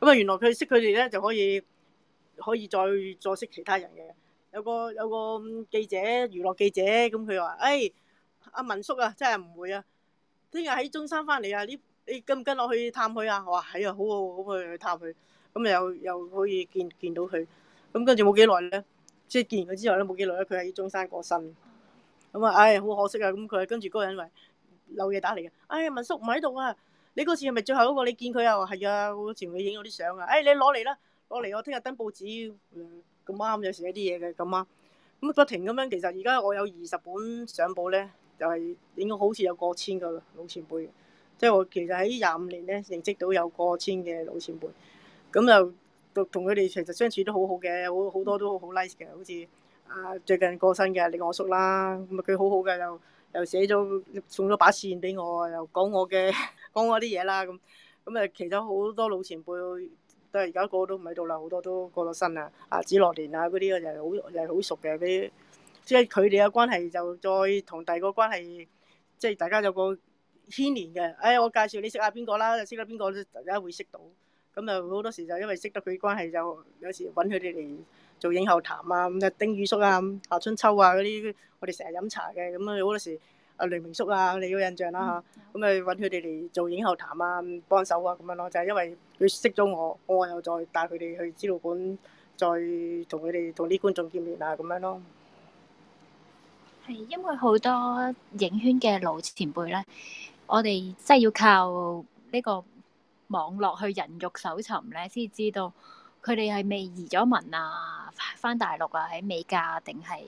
咁啊，原來佢識佢哋咧，就可以可以再再識其他人嘅。有個有個記者，娛樂記者，咁佢話，誒阿文叔啊，真係唔會啊！聽日喺中山翻嚟啊，呢你跟唔跟落去探佢啊？我話，係啊，好喎，咁去探佢，咁又又可以見見到佢。咁跟住冇幾耐咧，即係見完佢之後咧，冇幾耐咧，佢喺中山過身。咁啊，唉、嗯，好、哎、可惜啊！咁佢跟住嗰個人話漏嘢打嚟嘅。唉、哎，文叔唔喺度啊！你嗰次係咪最後個、啊嗯嗯、一個、哎？你見佢又係啊？老前輩影到啲相啊！唉，你攞嚟啦，攞嚟我聽日登報紙，咁啱有寫一啲嘢嘅，咁啱。咁、嗯、不停咁樣，其實而家我有二十本相簿咧，就係應該好似有過千㗎喇老前輩，即係我其實喺廿五年咧認識到有過千嘅老前輩。咁就同佢哋其實相處都好好嘅，好好多都好 nice 嘅，好似。啊！最近過身嘅，李我叔啦，咁啊佢好好嘅，又又寫咗送咗把線俾我，又講我嘅 [LAUGHS] 講我啲嘢啦，咁咁啊，其實好多老前輩都係而家個個都唔喺度啦，好多都過咗身啦，啊，紫羅蓮啊嗰啲啊，就係好就係好熟嘅啲，即係佢哋嘅關係就再同第二個關係，即係大家有個牽連嘅。唉，我介紹你識下邊個啦，識得邊個大家會識到，咁就好多時就因為識得佢關係就有時揾佢哋嚟做影後談啊，咁啊丁宇叔啊、夏春秋啊嗰啲，我哋成日飲茶嘅，咁啊好多時啊雷明叔啊，你有印象啦、啊、吓，咁啊揾佢哋嚟做影後談啊，幫手啊咁樣咯。就係、是、因為佢識咗我，我又再帶佢哋去資料館再，再同佢哋同啲觀眾見面啊咁樣咯。係因為好多影圈嘅老前輩咧，我哋真係要靠呢個網絡去人肉搜尋咧，先知道。佢哋係未移咗民啊？返大陸啊？喺美加定係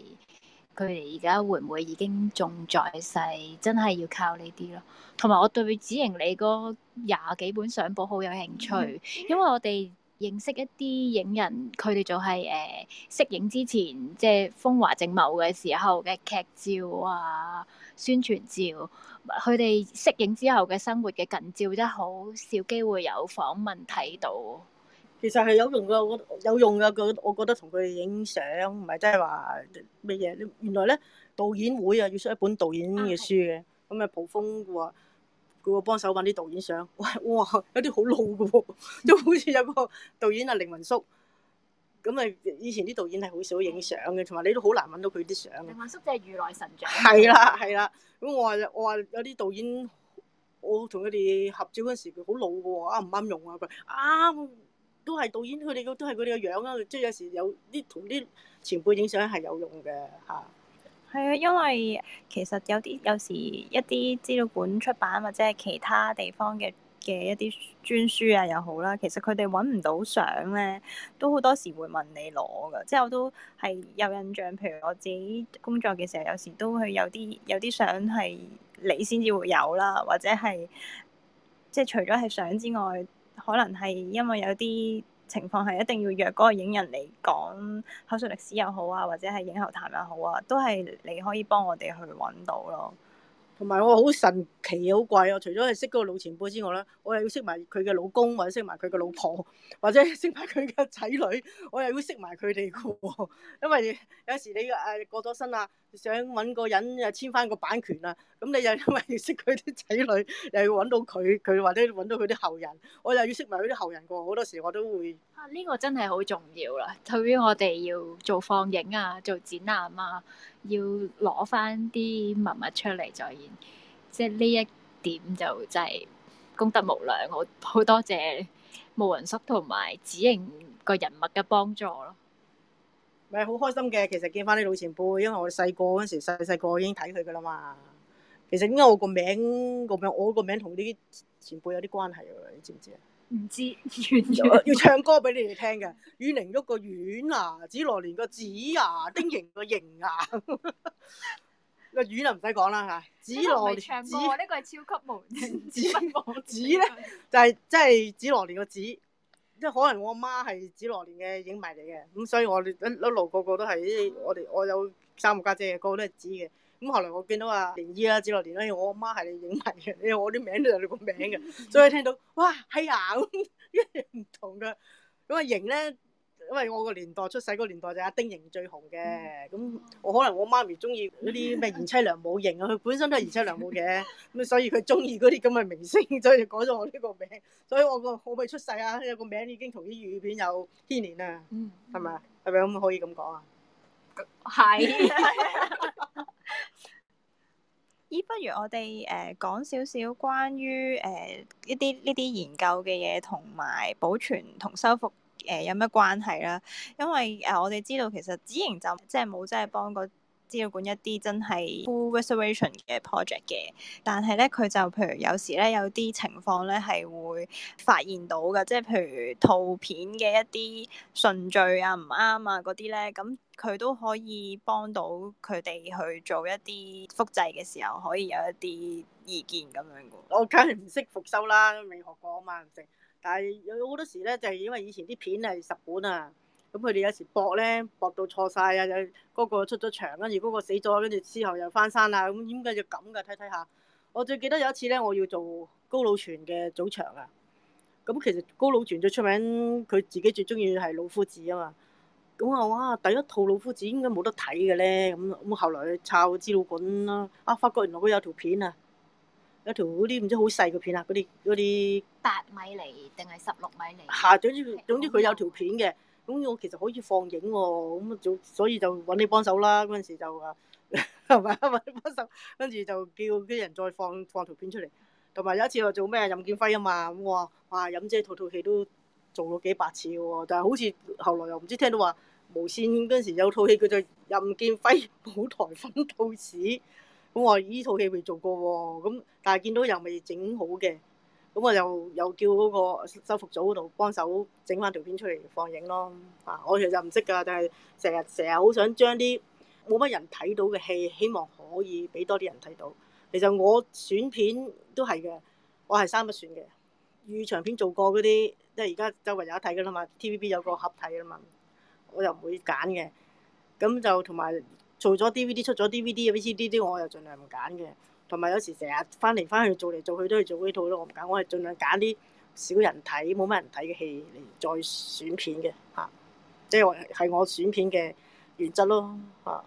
佢哋而家會唔會已經仲在世？真係要靠呢啲咯。同埋，我對紫瑩你嗰廿幾本相簿好有興趣，因為我哋認識一啲影人，佢哋就係誒息影之前即係風華正茂嘅時候嘅劇照啊、宣傳照，佢哋息影之後嘅生活嘅近照，真係好少機會有訪問睇到。其實係有用噶，我有用噶。個我覺得同佢影相，唔係真係話乜嘢。原來咧，導演會啊，要出一本導演嘅書嘅，咁咪、嗯、蒲峯佢個幫手揾啲導演相。喂，哇，有啲 [LAUGHS] 好老噶喎，即好似有個導演啊，凌雲叔。咁咪以前啲導演係好少影相嘅，同埋、嗯、你都好難揾到佢啲相。凌雲叔就係如來神掌。係啦，係啦。咁我話我話有啲導演，我同佢哋合照嗰時，佢好老噶喎，啱唔啱用啊？佢啊。都係導演佢哋，都係佢哋個樣啊。即係有時有啲同啲前輩影相係有用嘅吓。係啊，因為其實有啲有時一啲資料館出版或者係其他地方嘅嘅一啲專書啊又好啦，其實佢哋搵唔到相咧，都好多時會問你攞噶。即係我都係有印象，譬如我自己工作嘅時候，有時都會有啲有啲相係你先至會有啦，或者係即係除咗係相之外。可能係因為有啲情況係一定要約嗰個影人嚟講口述歷史又好啊，或者係影後談又好啊，都係你可以幫我哋去揾到咯。同埋我好神奇好貴啊！除咗係識嗰個老前輩之外咧，我又要識埋佢嘅老公或者識埋佢嘅老婆，或者識埋佢嘅仔女，我又要識埋佢哋嘅喎。因為有時你誒過咗身啊～想揾個人又簽翻個版權啊！咁你又因為要識佢啲仔女，又要揾到佢，佢或者揾到佢啲後人，我又要識埋佢啲後人喎。好多時我都會。啊！呢個真係好重要啦，對於我哋要做放映啊、做展覽啊，要攞翻啲文物出嚟再演，即係呢一點就真係功德無量。我好多謝霧人叔同埋指認個人物嘅幫助咯。咪好開心嘅，其實見翻啲老前輩，因為我細個嗰時細細個已經睇佢噶啦嘛。其實應該我個名個名，我個名同呢啲前輩有啲關係喎，你知唔知啊？唔知要唱歌俾你哋聽嘅，阮玲玉喐個阮啊，紫羅蓮個紫啊，丁瑩個瑩啊。個阮啊，唔使講啦嚇，紫羅唱歌，呢個係超級無癮。紫羅紫咧，就係即係紫羅蓮個紫。即係可能我阿媽係《紫羅蓮》嘅影迷嚟嘅，咁所以我哋一一路個個都係我哋我有三個家姐嘅，個個都係紫嘅。咁後來我見到阿蓮姨啦、紫羅蓮啦，我阿媽係你影迷嘅，因為我啲名都係你個名嘅，所以聽到哇，係啊，一樣唔同嘅，咁為型咧。因為我個年代出世，個年代就是，阿丁瑩最紅嘅，咁、嗯、我、嗯、可能我媽咪中意嗰啲咩賢妻良母型啊，佢 [LAUGHS] 本身都係賢妻良母嘅，咁所以佢中意嗰啲咁嘅明星，所以就改咗我呢個名，所以我個我未出世啊，有、這個名已經同啲粵語片有牽連啦，係咪、嗯？係咪咁可以咁講啊？係是。咦， [LAUGHS] [LAUGHS] 不如我哋誒講少少關於誒一啲呢啲研究嘅嘢，同埋保存同修復。誒、呃、有咩關係啦？因為誒、啊、我哋知道其實紫盈就即係冇真係幫個資料館一啲真係 full restoration 嘅 project 嘅，但係咧佢就譬如有時咧有啲情況咧係會發現到嘅，即係譬如圖片嘅一啲順序啊唔啱啊嗰啲咧，咁佢、嗯、都可以幫到佢哋去做一啲複製嘅時候可以有一啲意見咁樣噶。我梗係唔識復修啦，未學過啊嘛，唔識。但係有好多時咧，就係、是、因為以前啲片係十本啊，咁佢哋有時博咧，博到錯晒啊！嗰個出咗場，跟住嗰個死咗，跟住之後又翻生啦，咁點解要咁嘅？睇睇下，我最記得有一次咧，我要做高佬全嘅早場啊，咁、嗯、其實高佬全最出名，佢自己最中意係老夫子啊嘛，咁、嗯、啊哇，第一套老夫子應該冇得睇嘅咧，咁、嗯、咁、嗯、後來抄資料館啦、啊，啊發覺原來佢有條片啊！有條嗰啲唔知好細嘅片啊，嗰啲啲八米厘定係十六米厘？吓，總之總之佢有條片嘅，咁我其實可以放映喎、哦，咁啊就所以就揾你幫手啦。嗰陣時就啊，係咪揾你幫手，跟住就叫啲人再放放條片出嚟。同埋有一次我做咩任劍輝啊嘛，咁我哇，任姐套一套戲都做咗幾百次喎，但係好似後來又唔知聽到話無線嗰陣時有套戲叫做任劍輝冇台風到死。咁我依套戲未做過喎，咁但係見到又未整好嘅，咁我就又叫嗰個修復組嗰度幫手整翻條片出嚟放映咯。啊，我其實唔識㗎，但係成日成日好想將啲冇乜人睇到嘅戲，希望可以俾多啲人睇到。其實我選片都係嘅，我係三不選嘅，預長片做過嗰啲，即係而家周圍有得睇㗎啦嘛，TVB 有，TV 有個合體㗎啦嘛，我又唔會揀嘅。咁就同埋。做咗 DVD 出咗 DVD 嘅 VCD 啲，我又儘量唔揀嘅。同埋有時成日翻嚟翻去做嚟做去都係做呢套咯，我唔揀，我係儘量揀啲少人睇、冇乜人睇嘅戲嚟再選片嘅嚇。即係我係我選片嘅原則咯嚇。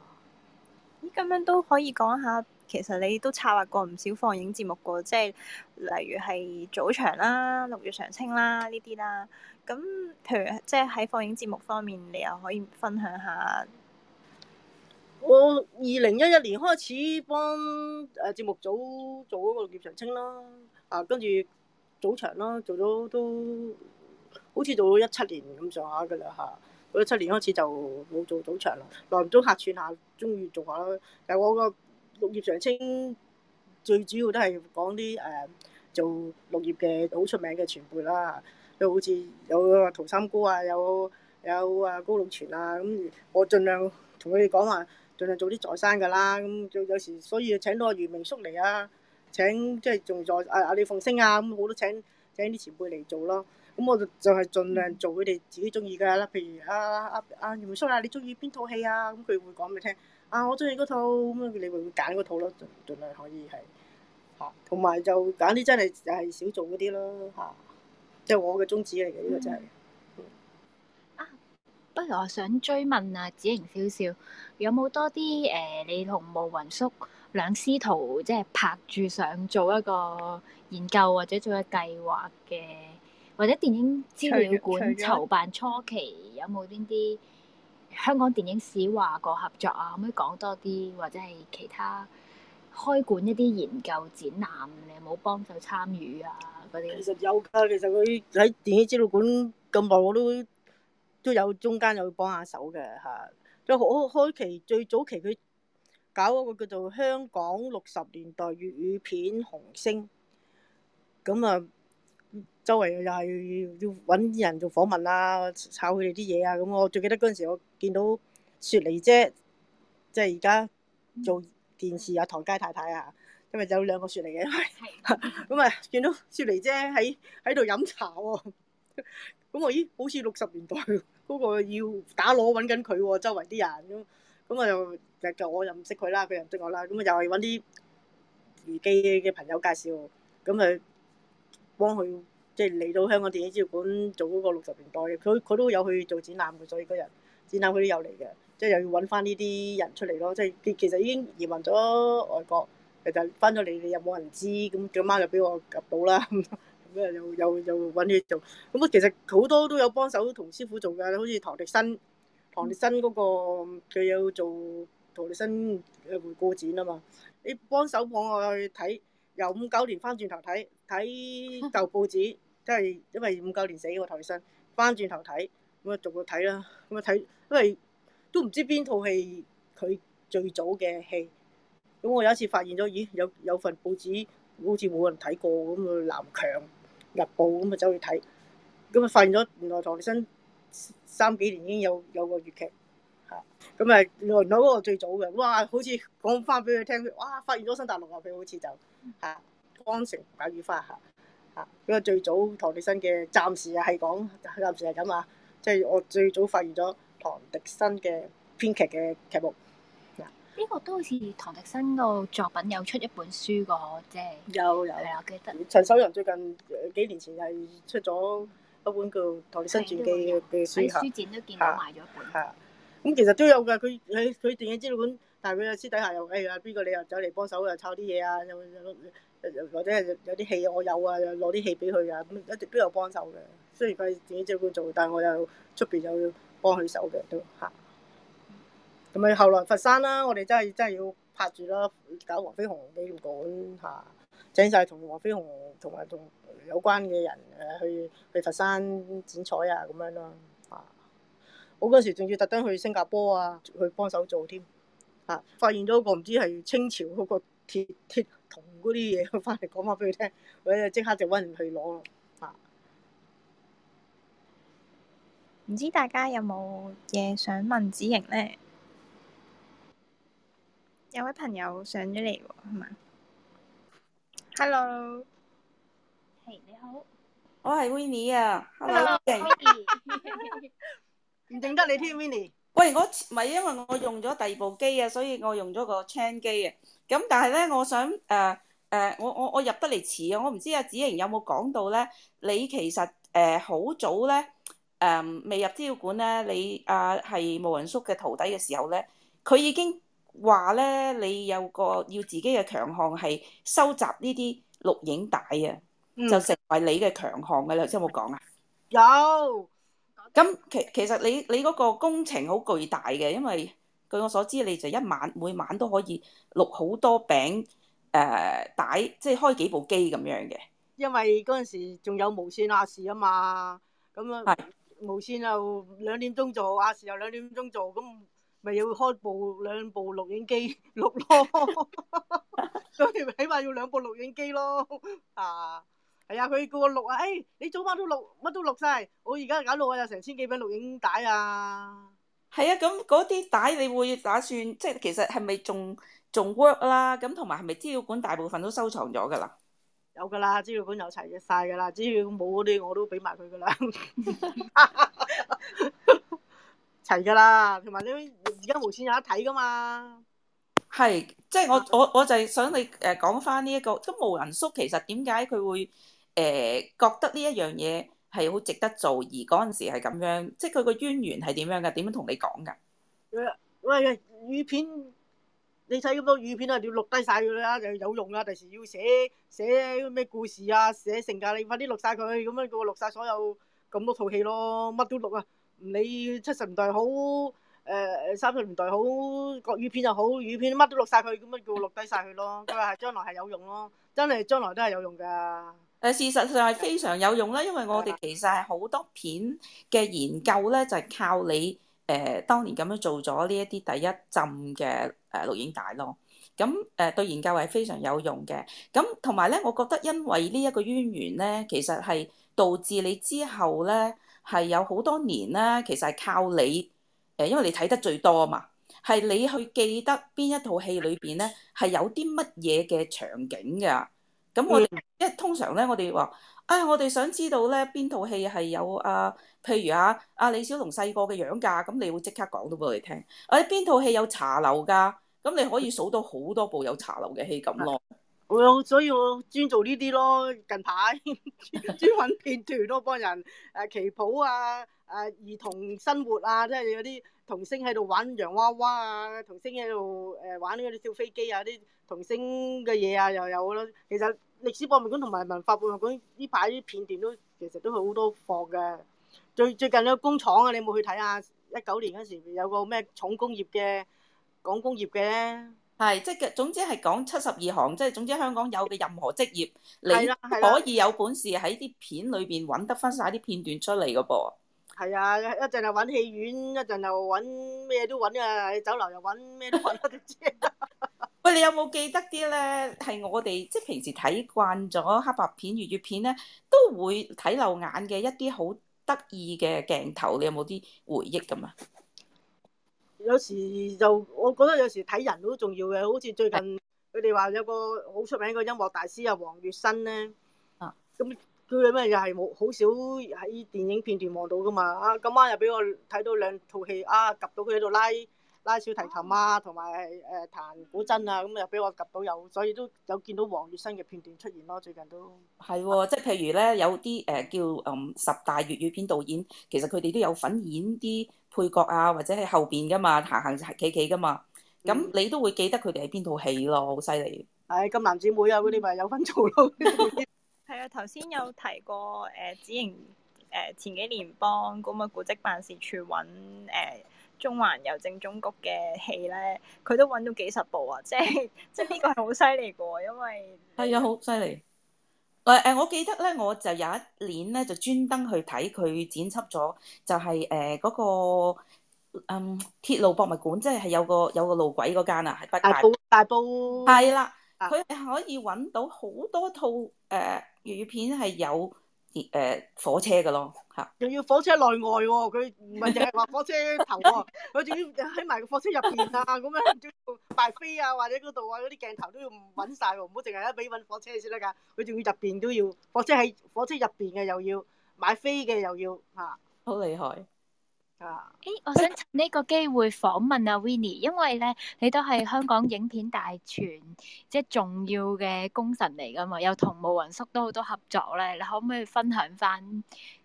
咁樣都可以講下，其實你都策劃過唔少放映節目噶，即係例如係早場啦、六月常青啦呢啲啦。咁譬如即係喺放映節目方面，你又可以分享下。我二零一一年開始幫誒節目組做嗰個綠葉常青啦，啊跟住早場啦，做咗都好似做咗一七年咁上下嘅啦嚇。一、啊、七年開始就冇做早場啦，耐唔中客串下，中意做下。但我個綠葉常青最主要都係講啲誒、啊、做綠葉嘅好出名嘅前輩啦，又好似有啊陶三姑啊，有有啊高魯泉啊，咁、嗯、我儘量同佢哋講話。盡量做啲再生㗎啦，咁、嗯、就有時，所以請到阿余明叔嚟，就是、啊，請即係仲在阿阿李鳳星啊，咁、嗯、好多請請啲前輩嚟做咯。咁、嗯、我就就係、是、盡量做佢哋自己中意嘅啦。譬如啊啊阿余明叔啊，你中意邊套戲啊？咁佢會講俾你聽。啊，我中意嗰套咁啊，你會唔會揀嗰套咯。盡盡量可以係吓，同埋、啊、就揀啲真係又係少做嗰啲咯吓。即、啊、係我嘅宗旨嚟嘅呢個真係。嗯不如我想追問啊，子瑩少少，有冇多啲誒、呃，你同慕雲叔兩師徒即係拍住想做一個研究或者做一計劃嘅，或者電影資料館籌辦初期有冇呢啲香港電影史話個合作啊？可唔可以講多啲？或者係其他開館一啲研究展覽，你有冇幫手參與啊？嗰啲其實有㗎，其實佢喺電影資料館咁耐我都。都有中間有幫下手嘅嚇，即係好開期最早期佢搞嗰個叫做香港六十年代粵語片紅星，咁啊，周圍又係要搵啲人做訪問啦，炒佢哋啲嘢啊，咁我最記得嗰陣時，我見到雪梨姐，即係而家做電視、mm. 啊，唐街太太啊，因為有兩個雪梨嘅，咁啊見到雪梨姐喺喺度飲茶喎、喔，咁 [LAUGHS] 我咦好似六十年代。 [LAUGHS] 嗰個要打攞揾緊佢喎，周圍啲人咁，咁我又，又我又唔識佢啦，佢又唔識我啦，咁啊又係揾啲自己嘅朋友介紹，咁咪幫佢即係嚟到香港電影資料館做嗰個六十年代嘅，佢佢都有去做展覽嘅，所以嗰日展覽佢都有嚟嘅，即係又要揾翻呢啲人出嚟咯，即係其實已經移民咗外國，其實翻咗嚟你又冇人知，咁佢阿媽就俾我及到啦。 [LAUGHS] 又又又揾嘢做，咁啊其實好多都有幫手同師傅做㗎，好似唐迪新、唐迪新嗰個佢有做唐迪新嘅回顧展啊嘛，你幫手幫我去睇，由五九年翻轉頭睇睇舊報紙，即係因為五九年死咗個唐迪新，翻轉頭睇咁啊逐個睇啦，咁啊睇，因為都唔知邊套係佢最早嘅戲，咁我有一次發現咗，咦有有份報紙好似冇人睇過咁嘅南強。日報咁啊走去睇，咁啊發現咗原來唐滌生三幾年已經有有個粵劇，嚇咁啊原來嗰個最早嘅，哇好似講翻俾佢聽，佢哇發現咗新大陸啊，佢好似就嚇江城百雨花嚇嚇，咁最早唐滌生嘅暫時啊係講暫時係咁啊，即係我最早發現咗唐滌生嘅編劇嘅劇目。呢個都好似唐迪生個作品有出一本書個，即係有有有記得。陳守仁最近幾年前又係出咗一本叫《唐迪生傳記》嘅書嚇。喺書展都見到賣咗一本。咁、嗯、其實都有㗎。佢佢佢電影資料館，但係佢私底下又哎啊，邊個你又走嚟幫手又抄啲嘢啊，又或者係有啲戲我有啊，又攞啲戲俾佢啊，咁一直都有幫手嘅。雖然佢電影資料館做，但係我又出邊有要幫佢手嘅都嚇。咁咪後來佛山啦，我哋真係真係要拍住啦，搞黃飛鴻紀念館嚇，整晒同黃飛鴻同埋同有關嘅人誒去去佛山剪彩啊咁樣咯嚇。我嗰陣時仲要特登去新加坡啊，去幫手做添嚇，發現咗個唔知係清朝嗰個鐵鐵，鐵銅嗰啲嘢，翻嚟講話俾佢聽，佢就即刻就搵人去攞咯嚇。唔知大家有冇嘢想問子瑩咧？有位朋友上咗嚟喎，係嘛？Hello，係、hey, 你好，我係 Winnie 啊。Hello，唔認得你添，Winnie。喂，我唔係因為我用咗第二部機啊，所以我用咗個 change 機嘅。咁但係咧，我想誒誒、呃呃，我我我入得嚟遲啊，我唔知阿子瑩有冇講到咧。你其實誒好、呃、早咧誒、呃、未入資料館咧，你啊係毛雲叔嘅徒弟嘅時候咧，佢已經。話咧，你有個要自己嘅強項係收集呢啲錄影帶啊，就成為你嘅強項嘅。頭先、嗯、有冇講啊？有。咁其、嗯、其實你你嗰個工程好巨大嘅，因為據我所知，你就一晚每晚都可以錄好多餅誒、呃、帶，即係開幾部機咁樣嘅。因為嗰陣時仲有無線亞視啊嘛，咁啊無線啊兩啊又兩點鐘做，亞視又兩點鐘做，咁。咪要開部兩部錄影機錄 [LAUGHS] 咯，所以咪起碼要兩部錄影機咯，啊，係啊，佢個錄啊，誒、哎，你早晚都錄，乜都錄晒，我而家搞到我有錄啊，成千幾本錄影帶啊。係啊，咁嗰啲帶你會打算，即係其實係咪仲仲 work 啦？咁同埋係咪資料館大部分都收藏咗噶啦？有噶啦，資料館有齊晒噶啦，只要冇嗰啲我都俾埋佢噶啦。 [LAUGHS] [LAUGHS] 齊噶啦，同埋你而家無線有得睇噶嘛。係，即係我我我就係想你誒講翻呢一個，都無人叔其實點解佢會誒覺得呢一樣嘢係好值得做，而嗰陣時係咁樣，即係佢個淵源係點樣噶？點樣同你講噶？喂，語片，你睇咁多語片啊，要錄低晒佢啦，就有用啊！第時要寫寫咩故事啊，寫成噶，你快啲錄晒佢，咁樣叫我錄晒所有咁多套戲咯，乜都錄啊！你理七十年代好，誒三十年代好，國語片又好，粵片乜都錄晒佢，咁咪叫我錄低晒佢咯。咁啊， [LAUGHS] 將來係有用咯，真係將來都係有用㗎。誒、呃、事實上係非常有用啦，因為我哋其實係好多片嘅研究咧，就係、是、靠你誒、呃、當年咁樣做咗呢一啲第一浸嘅誒錄影帶咯。咁誒、呃、對研究係非常有用嘅。咁同埋咧，我覺得因為呢一個淵源咧，其實係導致你之後咧。係有好多年啦，其實係靠你誒，因為你睇得最多嘛，係你去記得邊一套戲裏邊咧係有啲乜嘢嘅場景噶。咁我哋，因為通常咧，我哋話誒，我哋想知道咧邊套戲係有啊，譬如啊阿、啊、李小龍細個嘅樣噶，咁你會即刻講到俾我哋聽。誒、啊，邊套戲有茶樓噶？咁你可以數到好多部有茶樓嘅戲咁咯。我所以，我專做呢啲咯。近排 [LAUGHS] 專揾片段，咯，幫人誒旗袍啊、誒、啊啊、兒童生活啊，即係有啲童星喺度玩洋娃娃啊，童星喺度誒玩嗰啲小飛機啊，啲童星嘅嘢啊又有咯。其實歷史博物館同埋文化博物館呢排啲片段都其實都好多貨嘅。最最近個工廠啊，你有冇去睇下，啊？一九年嗰時有個咩重工業嘅、港工業嘅。係，即係嘅，總之係講七十二行，即係總之香港有嘅任何職業，你的可以有本事喺啲片裏邊搵得翻晒啲片段出嚟嗰噃。係啊，一陣又搵戲院，一陣又搵咩都搵啊，喺酒樓又搵咩都搵啊啲車。喂，你有冇記得啲咧？係我哋即係平時睇慣咗黑白片、粵語片咧，都會睇漏眼嘅一啲好得意嘅鏡頭，你有冇啲回憶咁啊？有時就我覺得有時睇人都重要嘅，好似最近佢哋話有個好出名嘅音樂大師啊，黃月新咧，啊，咁佢有咩又係冇好少喺電影片段望到㗎嘛啊，今晚又俾我睇到兩套戲啊，及到佢喺度拉。拉小提琴啊，同埋誒彈古箏啊，咁又俾我及到有，所以都，都有見到黃月生嘅片段出現咯，最近都係喎，即係譬如咧有啲誒、呃、叫、嗯、十大粵語片導演，其實佢哋都有份演啲配角啊，或者係後邊噶嘛，行行企企噶嘛，咁你都會記得佢哋喺邊套戲咯，好犀利。唉、嗯，咁、哎、男姊妹啊，嗰啲咪有份做咯。係啊，頭先有提過誒子瑩誒前幾年幫古物古蹟辦事處揾誒。中環郵政總局嘅戲咧，佢都揾到幾十部啊！即係即係呢個係好犀利嘅喎，因為係啊，好犀利！誒 [NOISE] 誒， [NOISE] 我記得咧，我就有一年咧，就專登去睇佢剪輯咗，就係誒嗰個嗯鐵路博物館，即係係有個有個路軌嗰間啊，係大埔大埔係啦，佢、嗯、可以揾到好多套誒粵語片係有。啲火車嘅咯嚇，又要火車內外喎、哦，佢唔係淨係話火車頭喎、哦，佢仲 [LAUGHS] 要喺埋個火車入邊啊咁 [LAUGHS] 樣，仲要買飛啊或者嗰度啊嗰啲鏡頭都要揾晒喎，唔好淨係一俾揾火車先得㗎，佢仲要入邊都要，火車喺火車入邊嘅又要買飛嘅又要嚇，好厲害。誒，我想趁呢個機會訪問阿 Winnie，因為咧你都係香港影片大全即係重要嘅功臣嚟噶嘛，又同慕雲叔都好多合作咧，你可唔可以分享翻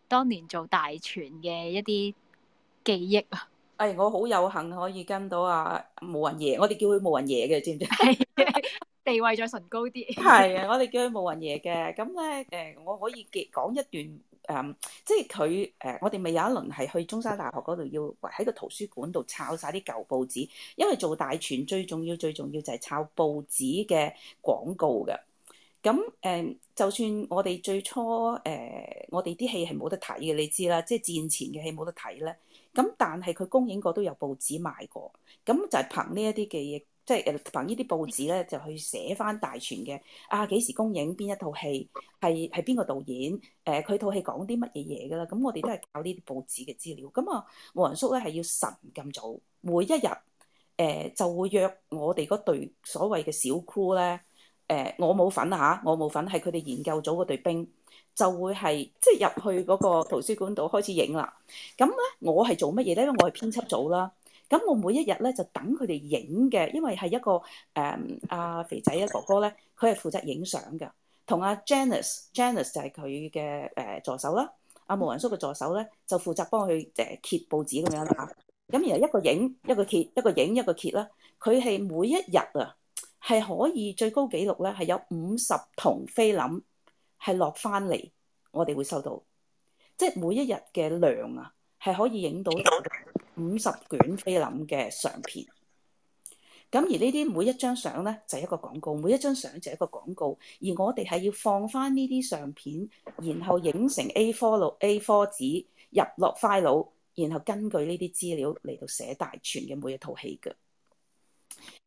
當年做大全嘅一啲記憶啊？誒，我好有幸可以跟到阿慕雲爺，我哋叫佢慕雲爺嘅，知唔知？地位再崇高啲。係啊，我哋叫佢慕雲爺嘅，咁咧誒，我可以講一段。誒，um, 即係佢誒，我哋咪有一輪係去中山大學嗰度，要喺個圖書館度抄晒啲舊報紙，因為做大傳最重要、最重要就係抄報紙嘅廣告嘅。咁誒、呃，就算我哋最初誒、呃，我哋啲戲係冇得睇嘅，你知啦，即係戰前嘅戲冇得睇咧。咁但係佢公映過都有報紙賣過，咁就係憑呢一啲嘅嘢。即係誒憑呢啲報紙咧，就去寫翻大全嘅。啊，幾時公映邊一套戲？係係邊個導演？誒、呃，佢套戲講啲乜嘢嘢㗎啦？咁、嗯、我哋都係靠呢啲報紙嘅資料。咁、嗯、啊，黃人叔咧係要神咁早，每一日誒、呃、就會約我哋嗰隊所謂嘅小 crew 咧。誒，我冇份啊我冇份。係佢哋研究組嗰隊兵，就會係即係入去嗰個圖書館度開始影啦。咁、嗯、咧，我係做乜嘢咧？因為我係編輯組啦。咁我每一日咧就等佢哋影嘅，因為係一個誒阿、嗯啊、肥仔嘅哥哥咧，佢係負責影相嘅，同阿、啊、Janice，Janice 就係佢嘅誒助手啦。阿毛仁叔嘅助手咧就負責幫佢誒、呃、揭報紙咁樣啦。咁、啊、然後一個影一個揭，一個影一個揭啦。佢係每一日啊係可以最高記錄咧係有五十桶菲林係落翻嚟，我哋會收到，即係每一日嘅量啊係可以影到。五十卷菲林嘅相片，咁而呢啲每一張相咧就係一個廣告，每一張相就一個廣告。而我哋係要放翻呢啲相片，然後影成 A four 六 A four 紙入落 file，然後根據呢啲資料嚟到寫大全嘅每一套戲嘅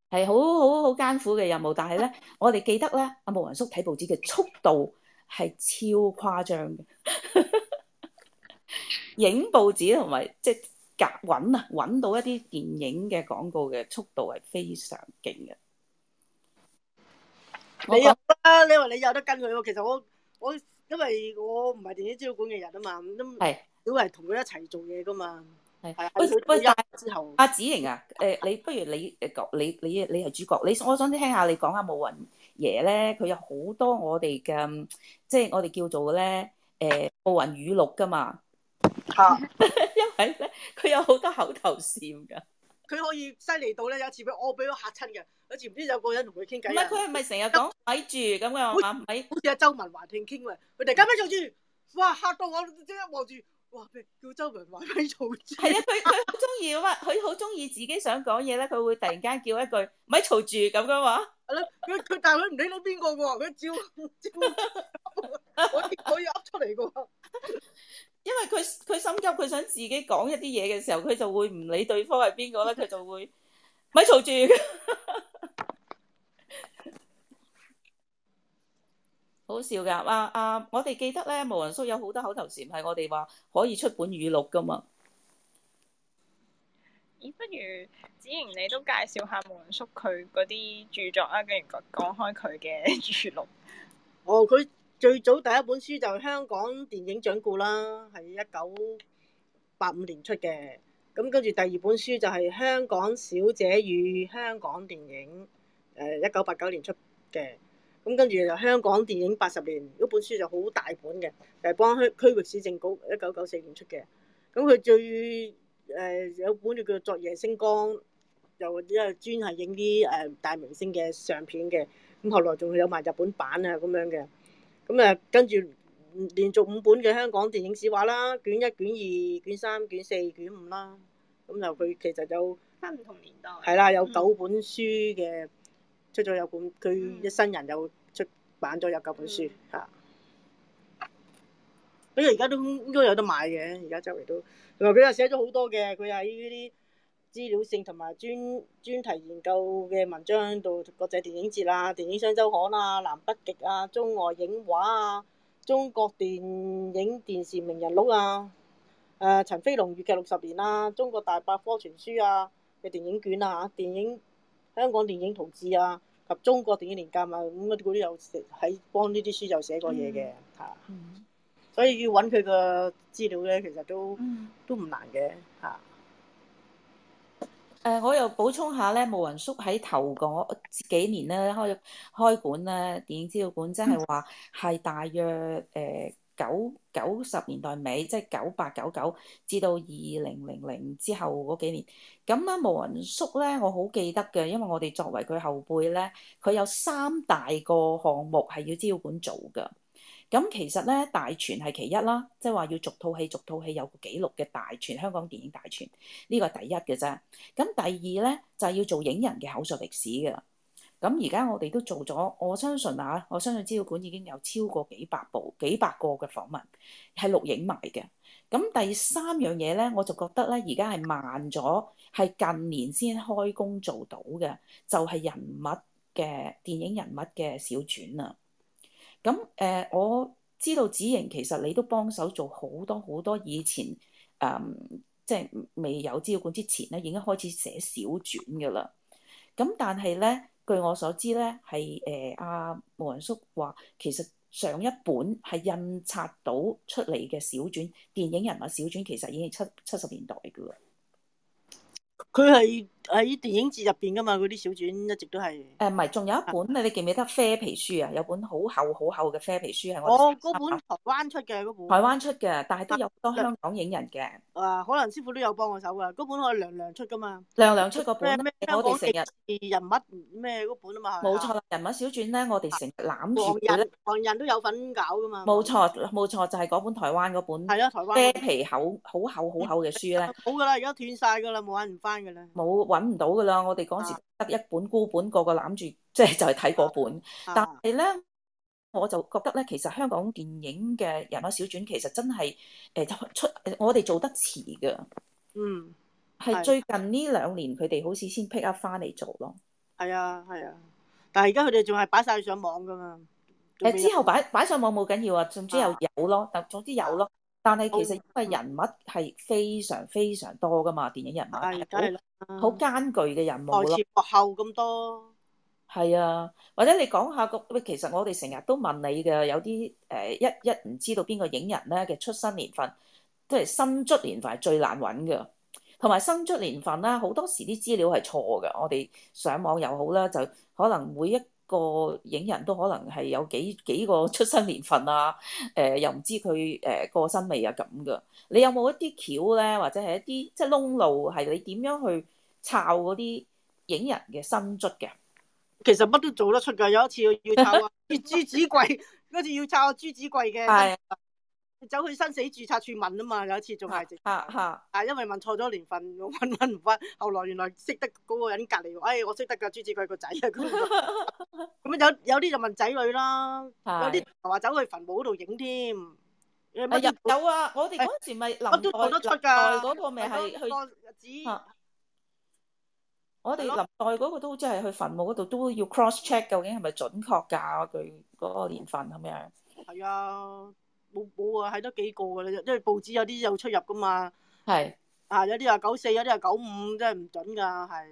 係好好好艱苦嘅任務。但係咧，我哋記得咧，阿木雲叔睇報紙嘅速度係超誇張嘅，影 [LAUGHS] 報紙同埋即係。搵啊，搵到一啲電影嘅廣告嘅速度係非常勁嘅。你有啦，你話你有得跟佢喎。其實我我，因為我唔係電影資料館嘅人啊嘛，咁都係同佢一齊做嘢噶嘛。係係。開始開始之後，阿子瑩啊，誒、啊呃，你不如你誒講，你你你係主角，你我想聽，聽你下你講下武雲爺咧，佢有好多我哋嘅，即係我哋叫做咧誒武雲語錄噶嘛。 [LAUGHS] 因為咧！佢有好多口頭禪噶，佢可以犀利到咧，有一次俾我俾佢嚇親嘅。嗰次唔知有個人同佢傾偈，唔係佢係咪成日講，咪住咁嘅話，咪好似阿周文華聽傾喂，佢突然間咪嘈住，哇，嚇到我，即刻望住，哇叫周文華咪嘈住。係啊，佢佢好中意啊嘛，佢好中意自己想講嘢咧，佢會突然間叫一句咪嘈住咁嘅話。係咯， [LAUGHS] 佢佢但係佢唔理到邊個嘅，佢照，照，我我可以噏出嚟嘅。因為佢佢心急，佢想自己講一啲嘢嘅時候，佢就會唔理對方係邊個咧，佢就會咪嘈住， [LAUGHS] 吵 [LAUGHS] 好笑噶。哇啊，啊！我哋記得咧，毛人叔有好多口頭禪，係我哋話可以出本語錄噶嘛。咦？不如子瑩你都介紹下毛人叔佢嗰啲著作啊，既然講開佢嘅語錄，哦佢。最早第一本書就係《香港電影掌故》啦，喺一九八五年出嘅。咁跟住第二本書就係、是《香港小姐與香港電影》，誒一九八九年出嘅。咁跟住就係《香港電影八十年》嗰本書就好大本嘅，係幫區區域市政局一九九四年出嘅。咁佢最誒有本叫《昨夜星光》，又專一專係影啲誒大明星嘅相片嘅。咁後來仲有埋日本版啊咁樣嘅。咁誒跟住連續五本嘅香港電影史話啦，卷一、卷二、卷三、卷四、卷五啦。咁就佢其實有唔同年代，係啦，有九本書嘅、嗯、出咗有本，佢一生人有出版咗有九本書嚇。咁啊、嗯，而家都應該有得買嘅，而家周圍都。同埋佢又寫咗好多嘅，佢喺呢啲。資料性同埋專專題研究嘅文章度，國際電影節啊、電影雙周刊啊、南北極啊、中外影畫啊、中國電影電視名人錄啊、誒、呃、陳飛龍粵劇六十年啊、中國大百科全書啊嘅電影卷啊吓，電影香港電影圖志啊及中國電影年鑑啊，咁嗰啲有寫喺幫呢啲書就寫過嘢嘅吓，嗯、所以要搵佢個資料咧，其實都、嗯、都唔難嘅吓。啊誒、呃，我又補充下咧，毛雲叔喺頭嗰幾年咧，開開館咧，電影資料館真係話係大約誒九九十年代尾，即係九八九九至到二零零零之後嗰幾年。咁、嗯、啦，毛雲叔咧，我好記得嘅，因為我哋作為佢後輩咧，佢有三大個項目係要資料館做㗎。咁其實咧，大全係其一啦，即係話要逐套戲、逐套戲有記錄嘅大全，香港電影大全。呢個係第一嘅啫。咁第二咧就係要做影人嘅口述歷史嘅。咁而家我哋都做咗，我相信啊，我相信資料館已經有超過幾百部、幾百個嘅訪問係錄影埋嘅。咁第三樣嘢咧，我就覺得咧，而家係慢咗，係近年先開工做到嘅，就係人物嘅電影人物嘅小傳啊。咁誒、嗯，我知道子瑩其實你都幫手做好多好多以前，誒、嗯，即係未有資料館之前咧，已經開始寫小傳嘅啦。咁、嗯、但係咧，據我所知咧，係誒阿無人叔話，其實上一本係印刷到出嚟嘅小傳，電影人物小傳其實已經係七七十年代嘅啦。佢係喺電影節入邊噶嘛？嗰啲小傳一直都係誒，唔係，仲有一本咩？你記唔記得啡皮書啊？有本好厚好厚嘅啡皮書喺我嗰本台灣出嘅嗰本台灣出嘅，但係都有多香港影人嘅。啊，可能師傅都有幫我手噶，嗰本係娘娘出噶嘛？娘娘出個本，我哋成日人物咩嗰本啊嘛，冇錯，人物小傳咧，我哋成日攬住人，人人都有份搞噶嘛，冇錯冇錯，就係嗰本台灣嗰本，係啊，台灣啡皮厚好厚好厚嘅書咧，好噶啦，而家斷晒噶啦，冇揾唔翻。冇搵唔到噶啦，我哋嗰時得一本孤本，啊、個個攬住，即係就係睇嗰本。啊、但係咧，我就覺得咧，其實香港電影嘅人物小傳其實真係，誒、呃、出，我哋做得遲噶，嗯，係最近呢兩年佢哋、啊、好似先 pick up 翻嚟做咯。係啊係啊，但係而家佢哋仲係擺晒上網噶嘛？誒，之後擺擺上網冇緊要啊，總之又有咯，啊、但總之有咯，有咯、啊。但係其實因為人物係非常非常多噶嘛，電影人物係好艱巨嘅人物咯，幕後咁多，係啊，或者你講下個喂，其實我哋成日都問你嘅，有啲誒一一唔知道邊個影人咧嘅出生年份，即係生卒年份係最難搵嘅，同埋生卒年份啦，好多時啲資料係錯嘅，我哋上網又好啦，就可能每一個影人都可能係有幾幾個出生年份啊，誒、呃、又唔知佢誒、呃、過身未啊咁噶。你有冇一啲橋咧，或者係一啲即係窿路、路，係你點樣去抄嗰啲影人嘅心卒嘅？其實乜都做得出㗎。有一次要抄朱、啊、 [LAUGHS] 子貴，嗰次要抄朱、啊、子貴嘅。 [LAUGHS] [LAUGHS] 走去生死註冊處問啊嘛，有一次做派仔，啊啊，但係因為問錯咗年份，我搵搵唔翻。後來原來識得嗰個人隔籬，誒，我識得噶朱子佢個仔啊。咁樣有有啲就問仔女啦，有啲話走去墳墓嗰度影添。有啊，我哋嗰時咪林代林代嗰個咪係去。日子，我哋林代嗰個都好似係去墳墓嗰度都要 cross check，究竟係咪準確噶佢嗰個年份咁樣。係啊。冇冇啊，睇得幾個㗎啦，因為報紙有啲有出入噶嘛。係是啊，有啲話九四，有啲話九五，真係唔準㗎，係。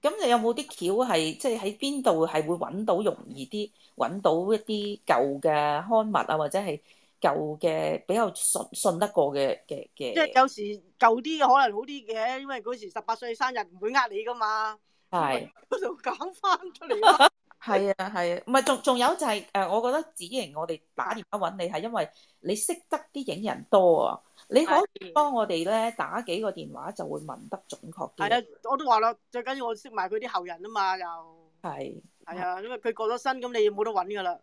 咁你有冇啲橋係，即係喺邊度係會揾到容易啲，揾到一啲舊嘅刊物啊，或者係舊嘅比較信信得過嘅嘅嘅。即係有時舊啲嘅可能好啲嘅，因為嗰時十八歲生日唔會呃你㗎嘛。係是，我都講翻出嚟。 [LAUGHS] 係啊，係啊，唔係仲仲有就係、是、誒，我覺得子瑩我哋打電話揾你係因為你識得啲影人多啊，你可以幫我哋咧打幾個電話就會問得準確啲。係啊，我都話啦，最緊要我識埋佢啲後人啊嘛，又係係啊，啊，因為佢過咗身，咁你冇得揾噶啦。嗱、啊，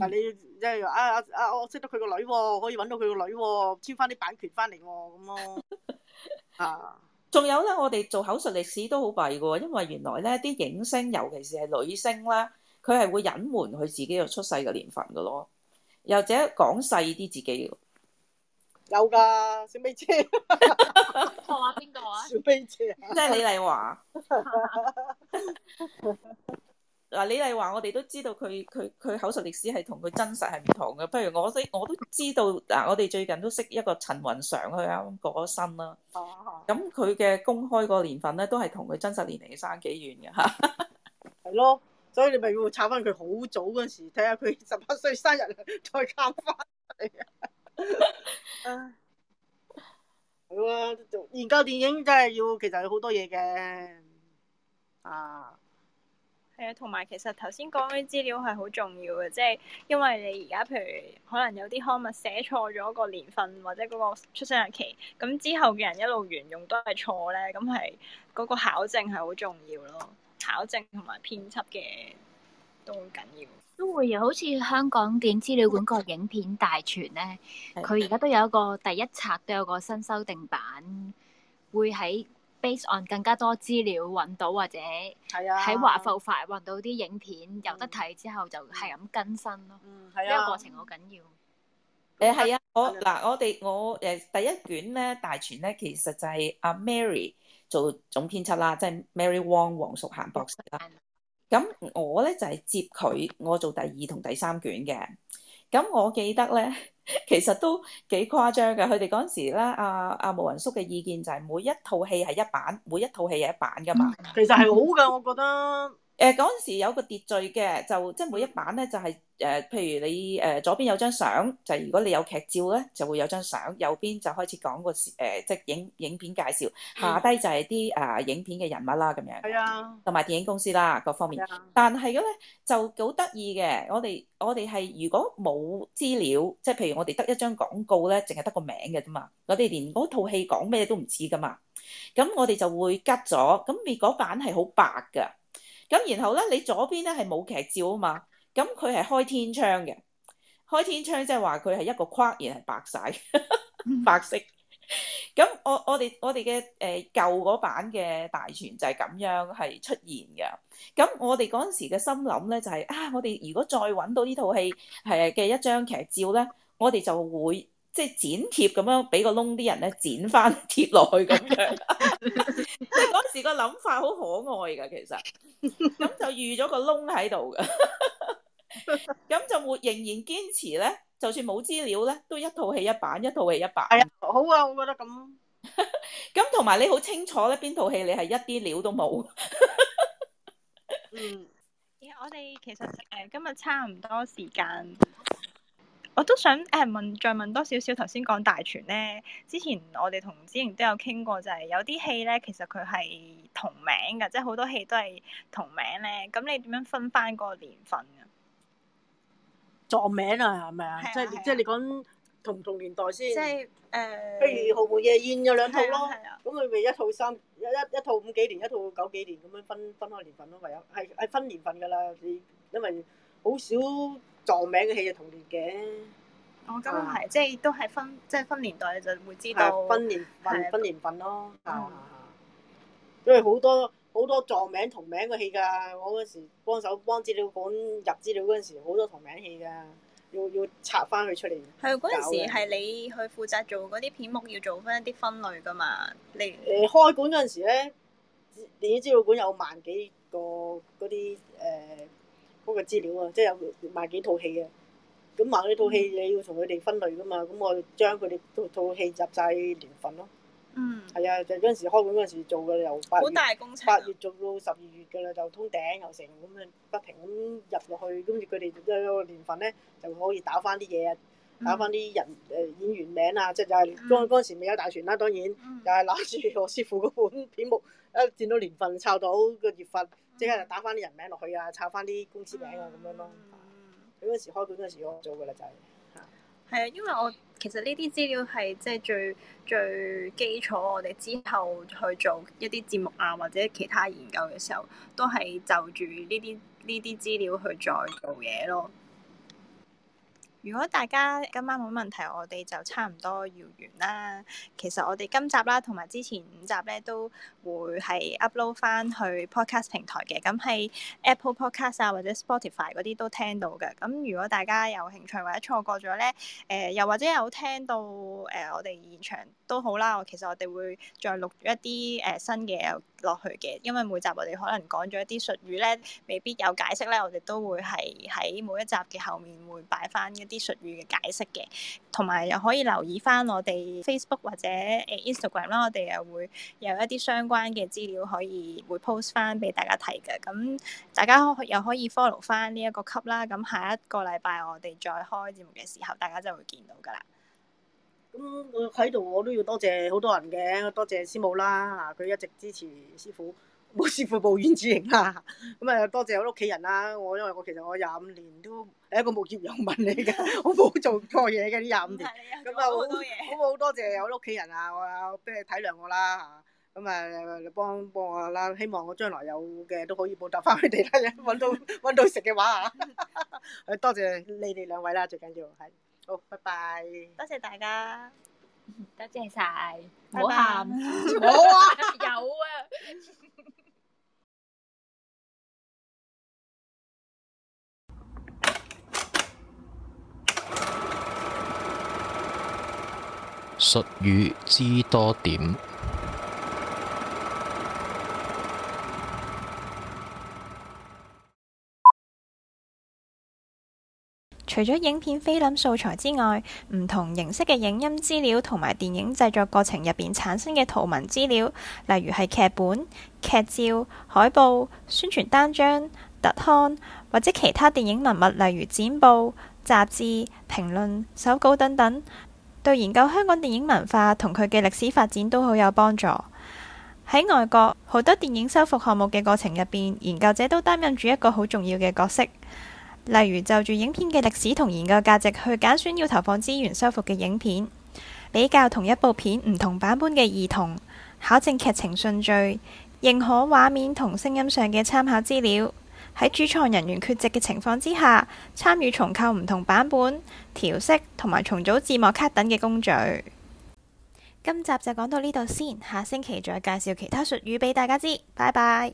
但你即、就、係、話、啊啊，我識得佢個女喎，可以揾到佢個女喎，簽翻啲版權翻嚟喎，咁咯 [LAUGHS] 啊。仲有咧，我哋做口述歷史都好弊嘅，因為原來咧啲影星，尤其是係女星啦。佢係會隱瞞佢自己嘅出世嘅年份噶咯，又者講細啲自己。有噶小秘車，我話邊個啊？小秘車即係李麗華嗱。 [LAUGHS] 李麗華，我哋都知道佢佢佢口述歷史係同佢真實係唔同嘅。譬如我都我都知道嗱，我哋最近都識一個陳雲裳去佢咁過咗身啦。咁佢嘅公開個年份咧，都係同佢真實年齡生幾遠嘅吓，係 [LAUGHS] 咯。所以你咪要查翻佢好早嗰時，睇下佢十八歲生日再加翻佢啊！係啊，做研究電影真係要，其實有好多嘢嘅啊。係啊，同埋其實頭先講啲資料係好重要嘅，即係因為你而家譬如可能有啲刊物寫錯咗個年份或者嗰個出生日期，咁之後嘅人一路沿用都係錯咧，咁係嗰個考證係好重要咯。考證同埋編輯嘅都好緊要，都會有好似香港電影資料館個影片大全咧，佢而家都有一個 [LAUGHS] 第一冊都有個新修訂版，會喺 base on 更加多資料揾到或者喺華埠發揾到啲影片、啊、有得睇之後就係咁更新咯，嗯，係啊，呢個過程好緊要。誒係啊，我嗱我哋我誒第一卷咧大全咧其實就係阿 Mary。做總編輯啦，即係 Mary Wong 黃淑嫻博士啦。咁我咧就係接佢，我做第二同第三卷嘅。咁我記得咧，其實都幾誇張噶。佢哋嗰時咧，阿阿毛雲叔嘅意見就係每一套戲係一版，每一套戲係一版噶嘛、嗯。其實係好噶，我覺得。 [LAUGHS] 誒嗰陣時有個秩序嘅，就即係每一版咧，就係、是、誒、呃，譬如你誒、呃、左邊有張相，就是、如果你有劇照咧，就會有張相。右邊就開始講個誒、呃，即係影影片介紹，下低就係啲誒影片嘅人物啦，咁樣係啊，同埋電影公司啦各方面。但係嘅咧就好得意嘅，我哋我哋係如果冇資料，即係譬如我哋得一張廣告咧，淨係得個名嘅啫嘛。我哋連嗰套戲講咩都唔知噶嘛。咁我哋就會吉咗咁，而嗰版係好白㗎。咁然後咧，你左邊咧係冇劇照啊嘛，咁佢係開天窗嘅，開天窗即係話佢係一個框，然後係白晒 [LAUGHS] 白色。咁我我哋我哋嘅誒舊嗰版嘅大傳就係咁樣係出現嘅。咁我哋嗰陣時嘅心諗咧就係、是、啊，我哋如果再揾到戲呢套戲係嘅一張劇照咧，我哋就會。即係剪貼咁樣，俾個窿啲人咧剪翻貼落去咁樣。你 [LAUGHS] 嗰時個諗法好可愛噶其實咁就預咗個窿喺度嘅。咁 [LAUGHS] 就會仍然堅持咧，就算冇資料咧，都一套戲一版，一套戲一版。係啊、哎，好啊，我覺得咁。咁同埋你好清楚咧，邊套戲你係一啲料都冇。 [LAUGHS] 嗯，咦，我哋其實誒，今日差唔多時間。我都想誒問，再問多少少頭先講大全咧。之前我哋同之前都有傾過，就係、是、有啲戲咧，其實佢係同名噶，即係好多戲都係同名咧。咁你點樣分翻個年份啊？撞名啊，係咪啊？啊即係即係你講同唔同年代先？即係誒，譬、呃、如《豪門夜宴》有兩套咯，咁佢咪一套三，一一套五幾年，一套九幾年咁樣分分開年份咯。唯有係係分年份噶啦，你因為好少，撞名嘅戲就同名嘅，哦，咁又係，即係都係分，即、就、係、是、分年代就會知道分年是分，分年份咯。嗯、因為好多好多撞名同名嘅戲㗎，我嗰時幫手幫資料館入資料嗰陣時，好多同名戲㗎，要要拆翻佢出嚟。係嗰陣時係你去負責做嗰啲片目，要做翻一啲分類㗎嘛？例如、呃、開館嗰陣時咧，電影資料館有萬幾個嗰啲誒。呃嗰個資料啊，即係有賣幾套戲啊。咁賣呢套戲你要同佢哋分類㗎嘛，咁我將佢哋套套戲入晒年份咯。嗯。係、就是、啊，就嗰陣時開會嗰陣時做嘅，又大工程，八月做到十二月嘅啦，就通頂又成，咁樣不停咁入落去，跟住佢哋嗰個年份咧就可以打返啲嘢啊。打翻啲人誒、呃、演員名啊，即係就係嗰嗰陣時未有大全啦，當然，嗯、就係攞住我師傅嗰本片目，一見到年份抄到個月份，嗯、即刻就打翻啲人名落去啊，抄翻啲公司名啊咁、嗯、樣咯。佢嗰時開館嗰陣時，我做㗎啦，就係、是、嚇。係、嗯、啊，因為我其實呢啲資料係即係最最基礎，我哋之後去做一啲節目啊，或者其他研究嘅時候，都係就住呢啲呢啲資料去再做嘢咯。如果大家今晚冇問題，我哋就差唔多要完啦。其實我哋今集啦，同埋之前五集咧，都會係 upload 返去 podcast 平台嘅。咁係 Apple Podcast 啊，或者 Spotify 嗰啲都聽到嘅。咁如果大家有興趣或者錯過咗咧，誒、呃、又或者有聽到誒、呃、我哋現場都好啦。我其實我哋會再錄一啲誒、呃、新嘅。落去嘅，因為每集我哋可能講咗一啲術語咧，未必有解釋咧，我哋都會係喺每一集嘅後面會擺翻一啲術語嘅解釋嘅，同埋又可以留意翻我哋 Facebook 或者誒 Instagram 啦，我哋又會有一啲相關嘅資料可以會 post 翻俾大家睇嘅，咁大家又可以 follow 翻呢一個級啦，咁下一個禮拜我哋再開節目嘅時候，大家就會見到㗎喇。咁、嗯、我喺度，我都要多謝好多人嘅，多謝師母啦，啊，佢一直支持師傅，冇師傅冇冤屈型啦。咁、嗯、啊，多謝我屋企人啦、啊。我因為我其實我廿五年都係一個無業遊民嚟嘅，我冇做錯嘢嘅呢廿五年。咁啊、嗯，我我好多謝我屋企人啊，我有俾你體諒我啦嚇。咁啊，啊幫幫我啦。希望我將來有嘅都可以報答翻佢哋睇揾到揾到食嘅話啊， [LAUGHS] 多謝你哋兩位啦，最緊要係。好，拜拜。多謝大家，多謝晒，冇喊，冇啊，有啊。術語知多點。除咗影片菲林素材之外，唔同形式嘅影音資料同埋電影製作過程入邊產生嘅圖文資料，例如係劇本、劇照、海報、宣傳單張、特刊或者其他電影文物，例如剪報、雜誌、評論、手稿等等，對研究香港電影文化同佢嘅歷史發展都好有幫助。喺外國，好多電影修復項目嘅過程入邊，研究者都擔任住一個好重要嘅角色。例如就住影片嘅歷史同研究價值去揀選要投放資源修復嘅影片，比較同一部片唔同版本嘅異同，考證劇情順序，認可畫面同聲音上嘅參考資料。喺主創人員缺席嘅情況之下，參與重構唔同版本、調色同埋重組字幕卡等嘅工序。今集就講到呢度先，下星期再介紹其他術語俾大家知。拜拜。